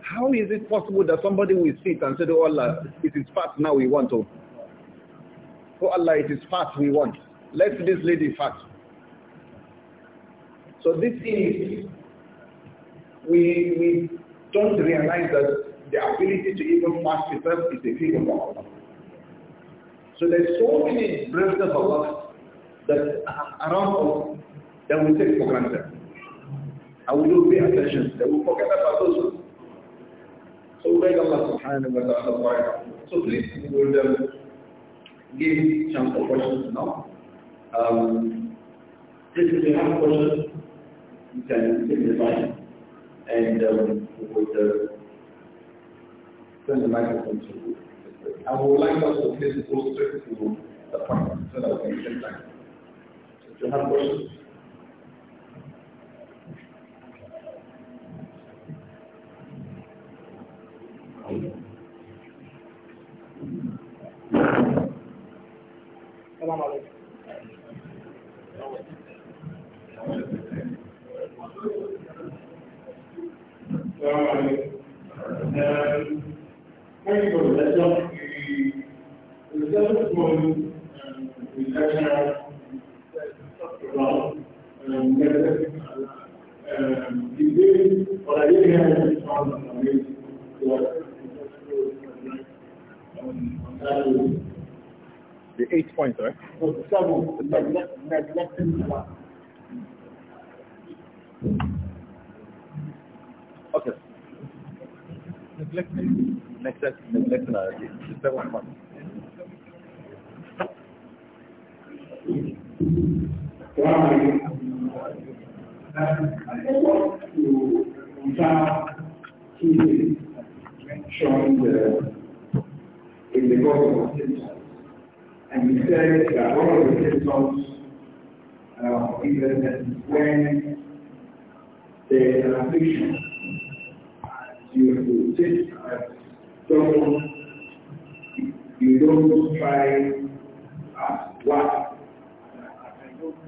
how is it possible that somebody will sit and say, oh Allah, it is fat now we want to. Oh Allah, it is fat we want. Let this lady fat. So this is, we, we don't realize that the ability to even fast itself is a feat of Allah. So there's so many blessings of Allah that are around us that we take for granted and we don't pay attention, then we forget about those ones. So we beg Allah subhanahu wa ta'ala for it. So please, we will um, give chance for questions now. Um, please, if you have questions, you can take the mic and um, we would uh, send the microphone to you. And would like us to please go straight to the point so that we can take time. If you have questions, Thank you.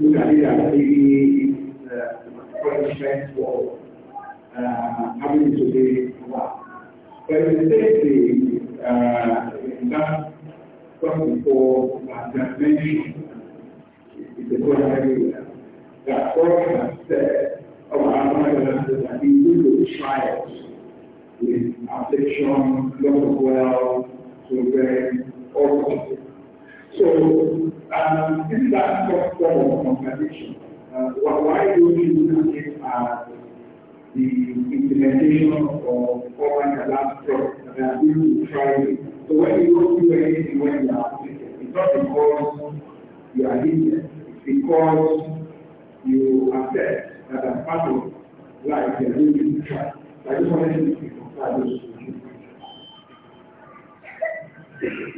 look at it as maybe it's punishment for uh, having to be wow. But in the same uh, in that just before as I mentioned, it's a point everywhere, that God has said, of our to that we will trials with affliction, loss of wealth, children, all sorts. So um, this is that first form of compensation. Uh, why do we look at it as the implementation of common alarm clocks that are being tried? So when you go through anything when you are afflicted, it's not because you are injured, it's because you accept that as part of life you are doing this trial. So I just wanted to reconcile those two.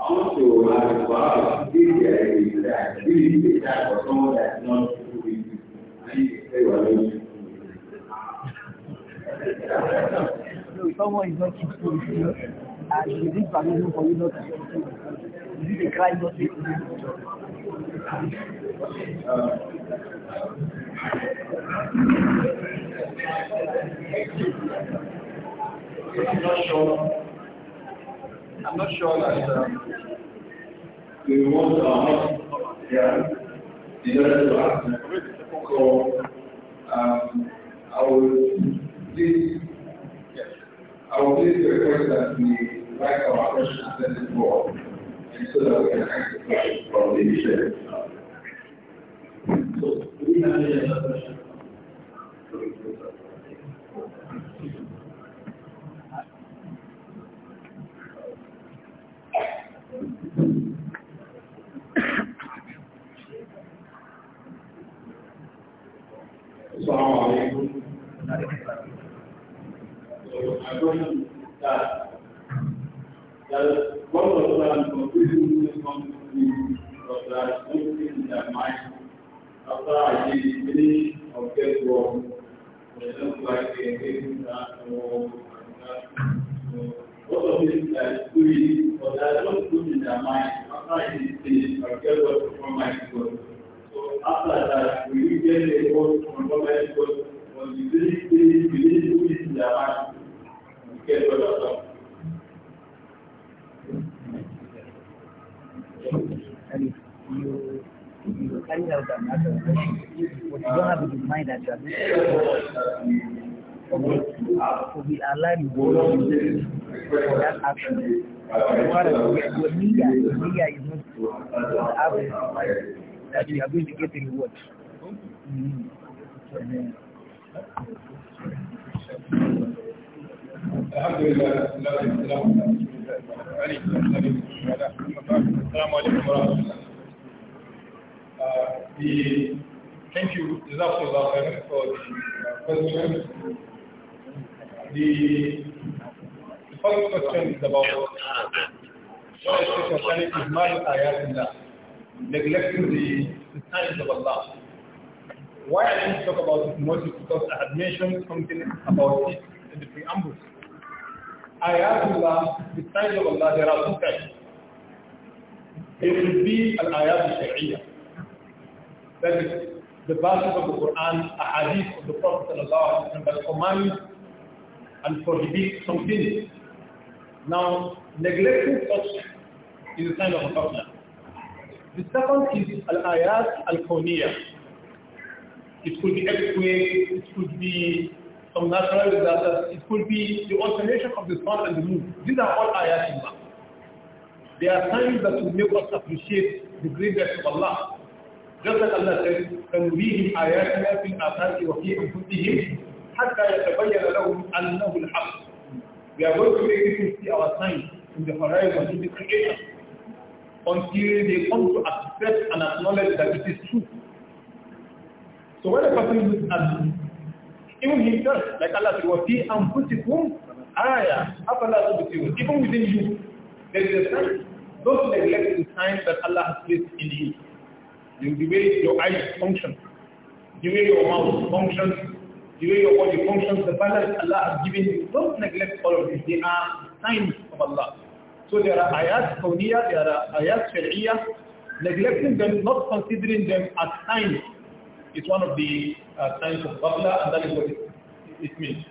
Also, my father did is that really did that for someone that's not doing it. I need to say what I mean. No, someone is not truthful with you, and it is a reason for you not to do truthful. It is a crime not to be truthful. I'm not sure. I'm not sure that uh, we want our yeah, in order to ask. So um, I will please yes. I will please request that we write our questions and the board and so that we can answer questions from the issue. neglecting the, the signs of Allah. Why I didn't talk about it much is because I had mentioned something about it in the preamble. Ayatullah, the signs of Allah, there are two types. It will be al-ayat al-shari'ah. That is the verses of the Quran, a hadith of the Prophet that commands and prohibits something. Now, neglecting such is a sign of a problem. The second is al-ayat al-kawniyah. It could be earthquake, it could be some natural disaster. it could be the alternation of the sun and the moon. These are all ayat in Allah. They are signs that will make us appreciate the greatness of Allah. Just like Allah says, فَنُرِيهِمْ we فِي الْآثَارِ in أَنفُسِهِمْ حَتَّى Allah, لَهُمْ أَنَّهُ الْحَقُّ We are going to make to see our signs in the horizon, in the creation until they come to accept and acknowledge that it is true. So when a person looks at even himself, like Allah said, وَفِي أَنفُسِكُمْ آيَةً أَفَلَا تُبْصِرُونَ Even within you, there is a sign. Don't neglect the sign that Allah has placed in you. The way your eyes function, the way your mouth functions, the way your body functions, the balance Allah has given you. Don't neglect all of this. They are signs of Allah. So there are ayat kawniyah, there are ayat shari'iyah. Neglecting them, not considering them as signs, is one of the uh, signs of qabla, and that is what it, it means.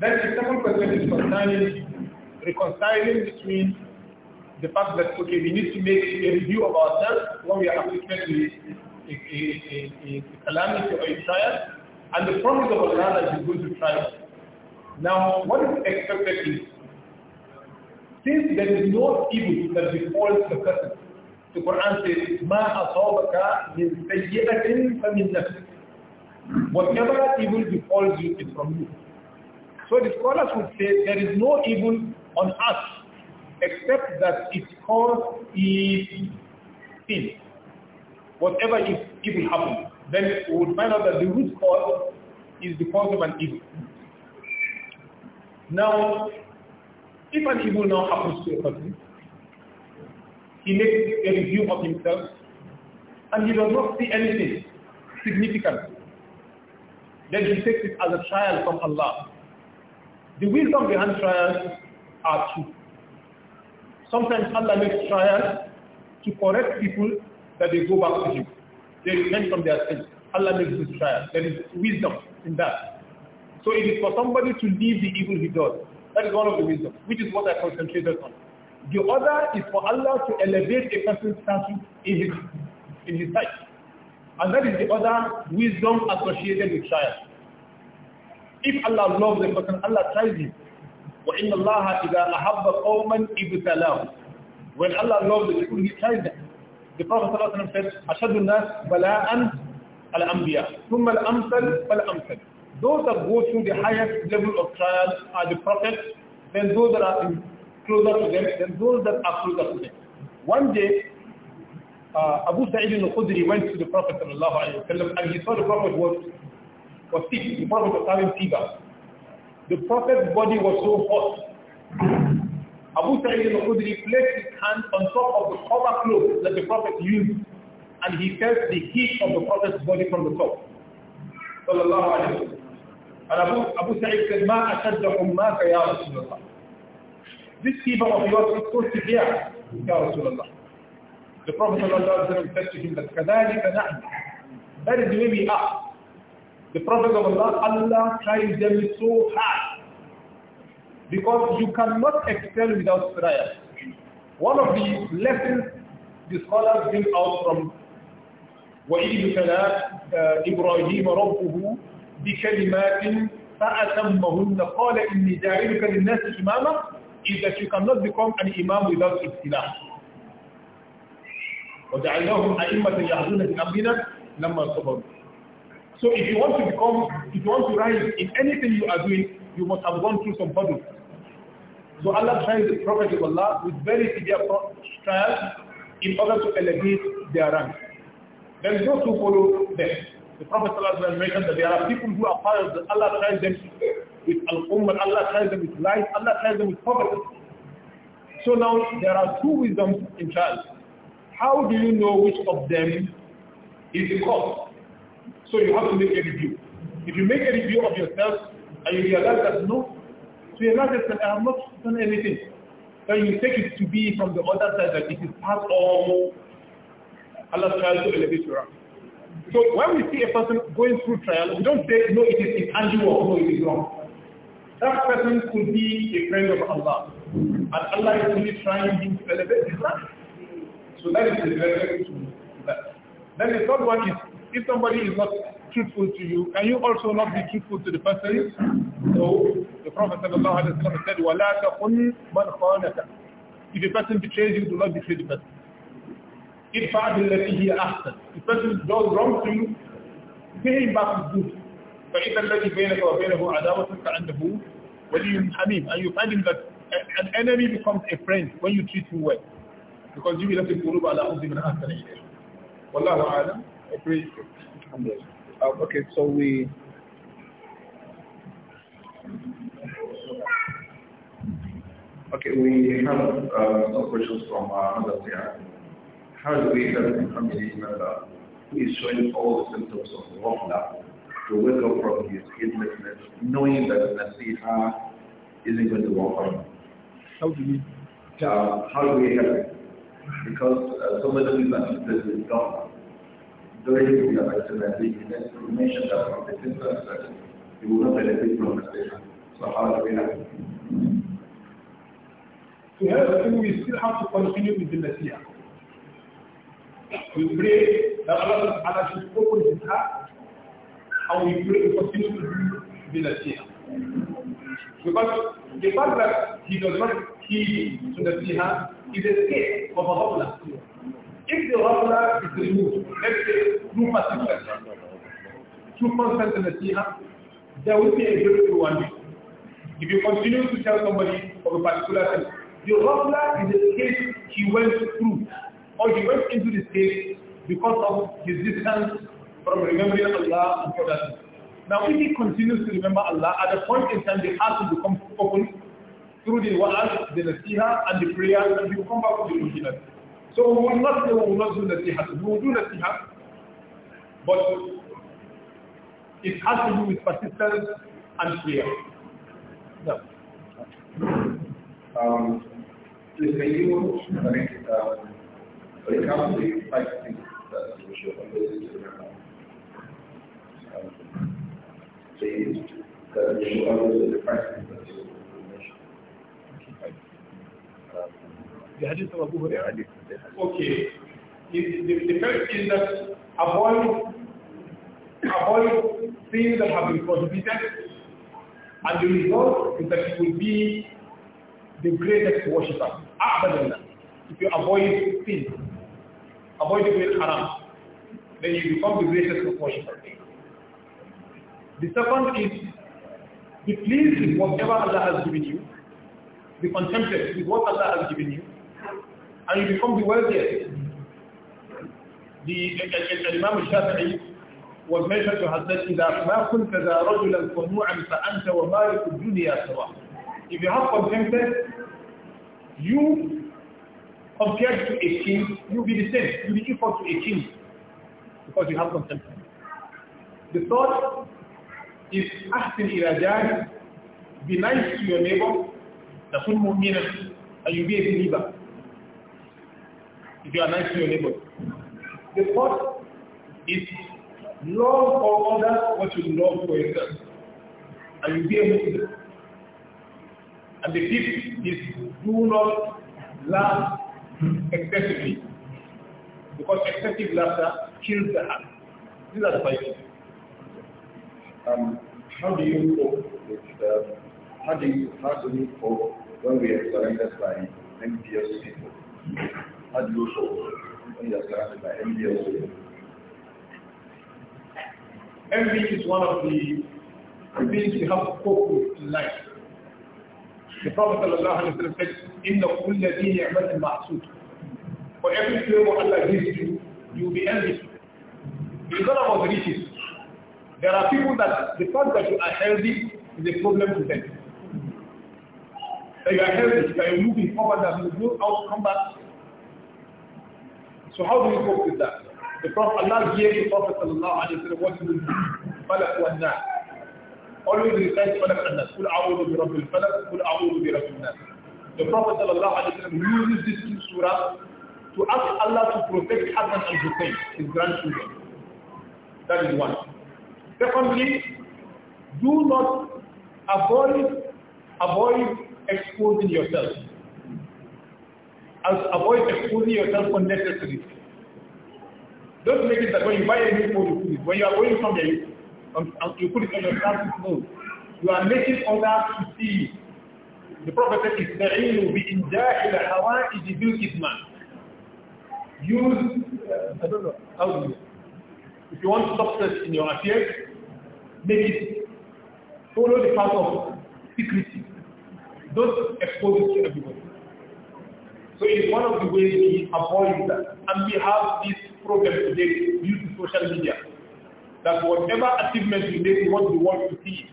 Then the second question is concerning reconciling between the fact that, okay, we need to make a review of ourselves when we are afflicted with a, a, a, calamity or a trial, and the promise of Allah that is going to try us. Now, what is expected is since there is no evil that befalls the person, the Quran says, مَا أَصَابَكَ مِنْ سَيِّئَةٍ فَمِنْ Whatever evil befalls you is from you. So the scholars would say there is no evil on us except that its cause is sin. Whatever is evil happens, then we would find out that the root cause is the cause of an evil. Now, if an evil now happens to a person, he makes a review of himself and he does not see anything significant. Then he takes it as a trial from Allah. The wisdom behind trials are two. Sometimes Allah makes trials to correct people that they go back to Him. They repent from their sins. Allah makes this trial. There is wisdom in that. So it is for somebody to leave the evil he does that is one of the wisdom, which is what I concentrated on. The other is for Allah to elevate a person's status in his, in his sight. And that is the other wisdom associated with trial. If Allah loves a person, Allah tries him. وَإِنَّ اللَّهَ إِذَا أَحَبَّ قَوْمًا إِبْتَلَاهُ When Allah loves the people, He tries them. The Prophet ﷺ said, أَشَدُ النَّاسِ بَلَاءً الْأَنْبِيَاءُ ثُمَّ الْأَمْثَلُ فَالْأَمْثَلُ those that go through the highest level of trials are the prophets, then those that are closer to them, then those that are closer to them. One day, uh, Abu Sa'id al-Khudri went to the Prophet وسلم, and he saw the Prophet was, was sick, the Prophet was having fever. The Prophet's body was so hot. Abu Sa'id al-Khudri placed his hand on top of the cover cloth that the Prophet used and he felt the heat of the Prophet's body from the top. Sallallahu أنا أبو سعيد قال ما أشد حماك يا رسول الله This people of yours is so severe يا رسول الله The Prophet صلى الله عليه وسلم said to him that كذلك نحن That is where we are The Prophet of Allah, Allah tries them so hard because you cannot excel without prayer. One of the lessons the scholars bring out from وَإِذْ تَلَا إِبْرَاهِيمَ رَبُّهُ بكلمات فأتمهن قال إني جاعلك للناس إماما إذا she cannot become an imam without ابتلاء وجعلناهم أئمة يهدون بأمرنا لما صبروا So if you want to become, if you want to rise in anything you are doing, you must have gone through some hurdles. So Allah tries the Prophet of Allah with very severe trials in order to elevate their rank. Then those who follow them. The Prophet ﷺ mentioned that there are people who are pious that Allah tries them with Al-Ummah, Allah tries them with life, Allah tries them with poverty. So now there are two wisdoms in charge. How do you know which of them is the cause? So you have to make a review. If you make a review of yourself and you realize that no, so to realize that I have not done anything, then you take it to be from the other side that it is part of Allah's child to elevate your rank. So when we see a person going through trial, we don't say, no, it is tangible or no, it is wrong. That person could be a friend of Allah. And Allah is only trying him to elevate his life. So that is the to that. Then the third one is, if somebody is not truthful to you, can you also not be truthful to the person? So the Prophet ﷺ said, وَلَا تَقُنْ مَنْ خَانَكَ If a person betrays you, do not betray the person let billati hear after. If person does wrong to you, pay him back with good. فإذا الذي بينك وبينه عداوة كأنه ولي حميم. And you find him that an enemy becomes a friend when you treat him well. Because you will have to قلوب على أرض من أحسن إليه. والله أعلم. I pray. Uh, okay, so we Okay, we have uh, some questions from uh, others how do we help a family member who is showing all the symptoms of wafla to wake up from his heedlessness, knowing that Nasiha isn't going to work on him? How do we? Uh, how do we help him? Because uh, of the people are interested in God. During the election, I think you mentioned that from the symptoms that he will not benefit from Nasiha. So how do we help him? To help him, we still have to continue with the Nasiha. We pray that Allah Allah should open his heart and we pray continue to be the same. Because the fact that he does not heed to the siha is a state of a If the hobla is removed, let's say in the there will be a break one If you continue to tell somebody of a particular thing, the hobla is a case he went through or he went into the state because of his distance from remembering Allah and other Now if he continues to remember Allah, at a point in time the heart will become open through the wa'az, the nasiha, and the prayer, and he will come back to the original. So we will not say we will not do nasiha. We will do nasiha, but it has to do with persistence and prayer. No. Um, please, can you, uh, but it comes with five things that we should always remember. Um, the, that we should always the five things that you mentioned. the hadith of Abu Okay. The, the, the first is that avoid avoid things that have been prohibited and the result is that you will be the greatest worshipper. that, If you avoid things avoid doing haram. Then you become the greatest of worshipper. The second is be pleased with whatever Allah has given you, be contented with what Allah has given you, and you become the wealthiest. The Imam Shafi'i was mentioned to have said, إِذَا مَا كُنْتَ ذَا رَجُلًا قَنُوعًا فَأَنْتَ وَمَالِكُ الدُّنْيَا سَوَاءً If you have contented, you compared to a king, you'll be the same. You'll be equal to a king because you have contentment. The third is in a جارك be nice to your neighbor, تكون مؤمنا and you will be a believer. If you are nice to your neighbor. The fourth is love for others what you love for yourself. And you will be a Muslim. And the fifth is do not laugh excessively. Because excessive laughter kills the heart. These are the five um, how do you cope with, uh, how, do you, how do you cope when we are surrounded by envious people? How do you cope when you are surrounded by envious people? Envy is one of the things we have to cope with in life. The Prophet ﷺ said, إِنَّ كُلَّ دِينِ عَمَدٍ مَحْسُودٍ for every favor Allah gives you, you will be envious. It's not about riches. There are people that the fact that you are healthy is a problem to them. That you are healthy, that you're moving forward, that you go out, come back. So how do you cope with that? The Prophet Allah gave the Prophet sallallahu alayhi wa sallam what he will do. Falak wa nas. Always recite Falak wa nas. Kul a'udhu bi rabbil falak, kul a'udhu bi rabbil nas. The Prophet sallallahu alayhi wa sallam uses this two surahs to ask Allah to protect Adam and Hussein, his grandchildren. That is one. Secondly, do not avoid avoid exposing yourself. As avoid exposing yourself unnecessarily. Don't make it that when you buy a new phone, you put it. When you are going somewhere, you, um, um, you put it on your transit You are making others to see. The Prophet said, "Ista'inu bi injahil hawa'ij with kitman." use, uh, I don't know, how do you, if you want success in your affairs, make it, follow the path of secrecy. Don't expose it to everybody. So it is one of the ways we avoid that. And we have this problem today due to social media. That whatever achievement we make, we want the world to see it.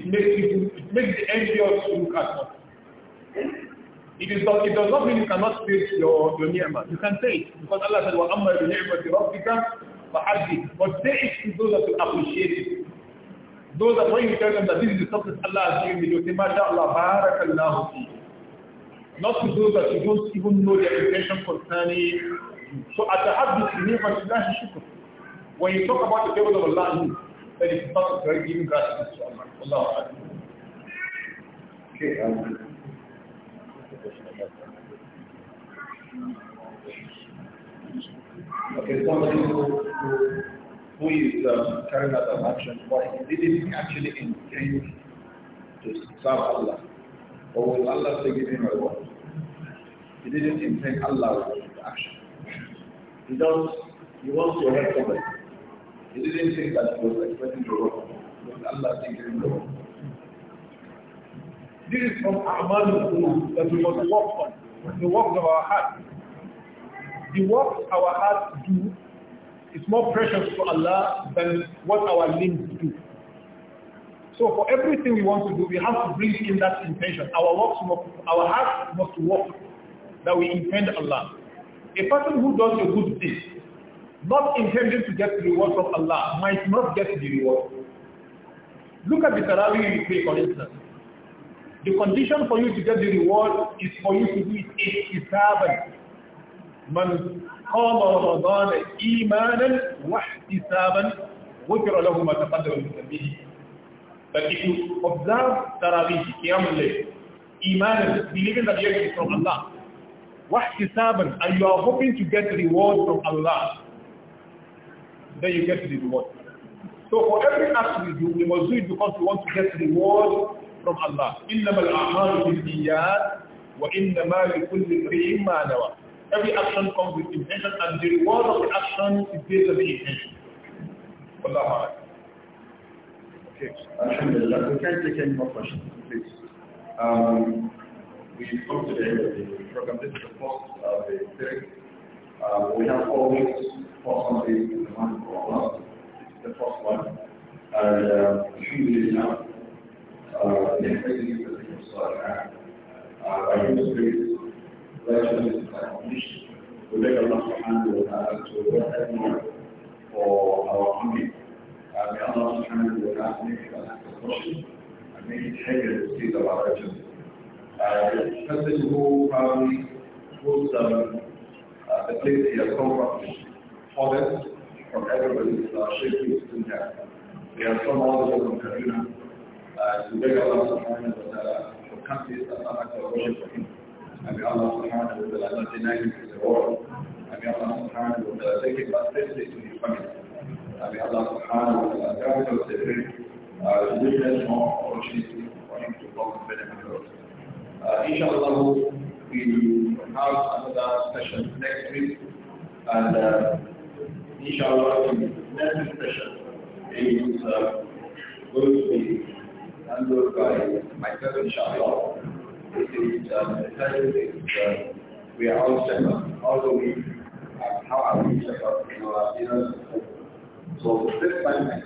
It makes, it, it makes the envious look at us. It, is not, it does not mean you cannot praise your, your ni'mah. You can say it. Because Allah said, وَأَمَّا بِنِعْمَةِ رَبِّكَ فَحَدِّ But say it to those that will appreciate it. Those that when you tell them that this is the substance Allah has given me, you say, MashaAllah, Not to those that you don't even know their intention concerning. So at the habit, ni'mah Allah shukr. When you talk about the favor of Allah, it's not very giving gratitude to Allah. Allah. Okay, um, Okay, somebody who, who, who is um, carrying out an action, but he didn't actually intend to serve Allah. Or will Allah forgive him or what? He didn't intend Allah to his action. He does, he wants to help somebody. He didn't think that he was expecting to work. Will Allah forgive him or what? This is from Ahmad that we must work on, the works of our heart the work our hearts do is more precious to Allah than what our limbs do. So for everything we want to do, we have to bring in that intention. Our works must, our hearts must work that we intend Allah. A person who does a good deed, not intending to get the reward from Allah, might not get the reward. Look at the Tarawih you pray, for instance. The condition for you to get the reward is for you to do it ihtisaban, من قام رمضان إيمانا واحتسابا غفر له ما تقدم من ذنبه That if you observe Tarawih, Qiyam al-Layl, Iman, believing that you from Allah, wahtisaban, and you are hoping to get reward from Allah, then you get the reward. So for every act we do, we must do it because we want to get reward from Allah. إِنَّمَا الْأَعْمَالُ بِالْإِيَّاتِ وَإِنَّمَا لِكُلِّ امْرِئٍ مَا نَوَى Every action comes with intention and the reward of the action is based on the intention. Allah Okay. Alhamdulillah. We can not take any more questions, please. Um, we've come to the end of the program. This is the first of uh, the series. Uh, um, we have four weeks, four Sundays in the month of August. This is the first one. And uh, um, alhamdulillah, uh, the next thing is the second Salah. I by His grace, righteousness accomplished. We beg Allah subhanahu wa ta'ala to work more for our coming. Uh, may Allah subhanahu wa ta'ala make it and make it heavier to see the righteousness. Uh, the person who probably puts um, uh, the place he has come from, fallen from everybody's uh, shaking in there. We have come all the from Kaduna. Uh, to beg Allah subhanahu wa ta'ala for countries that are act for him. I mean, Allah subhanahu wa ta'ala not deny him his reward. I mean, Allah subhanahu wa ta'ala take him back safely to his family. I mean, Allah subhanahu wa ta'ala grant us a great uh, witness opportunity for him to come and benefit us. Uh, inshallah, we have another session next week. And uh, inshallah, in the next session, it is uh, going to be handled by myself, inshallah cities, and We are all shepherds. Although we are, how are we shepherds in our inner So this time,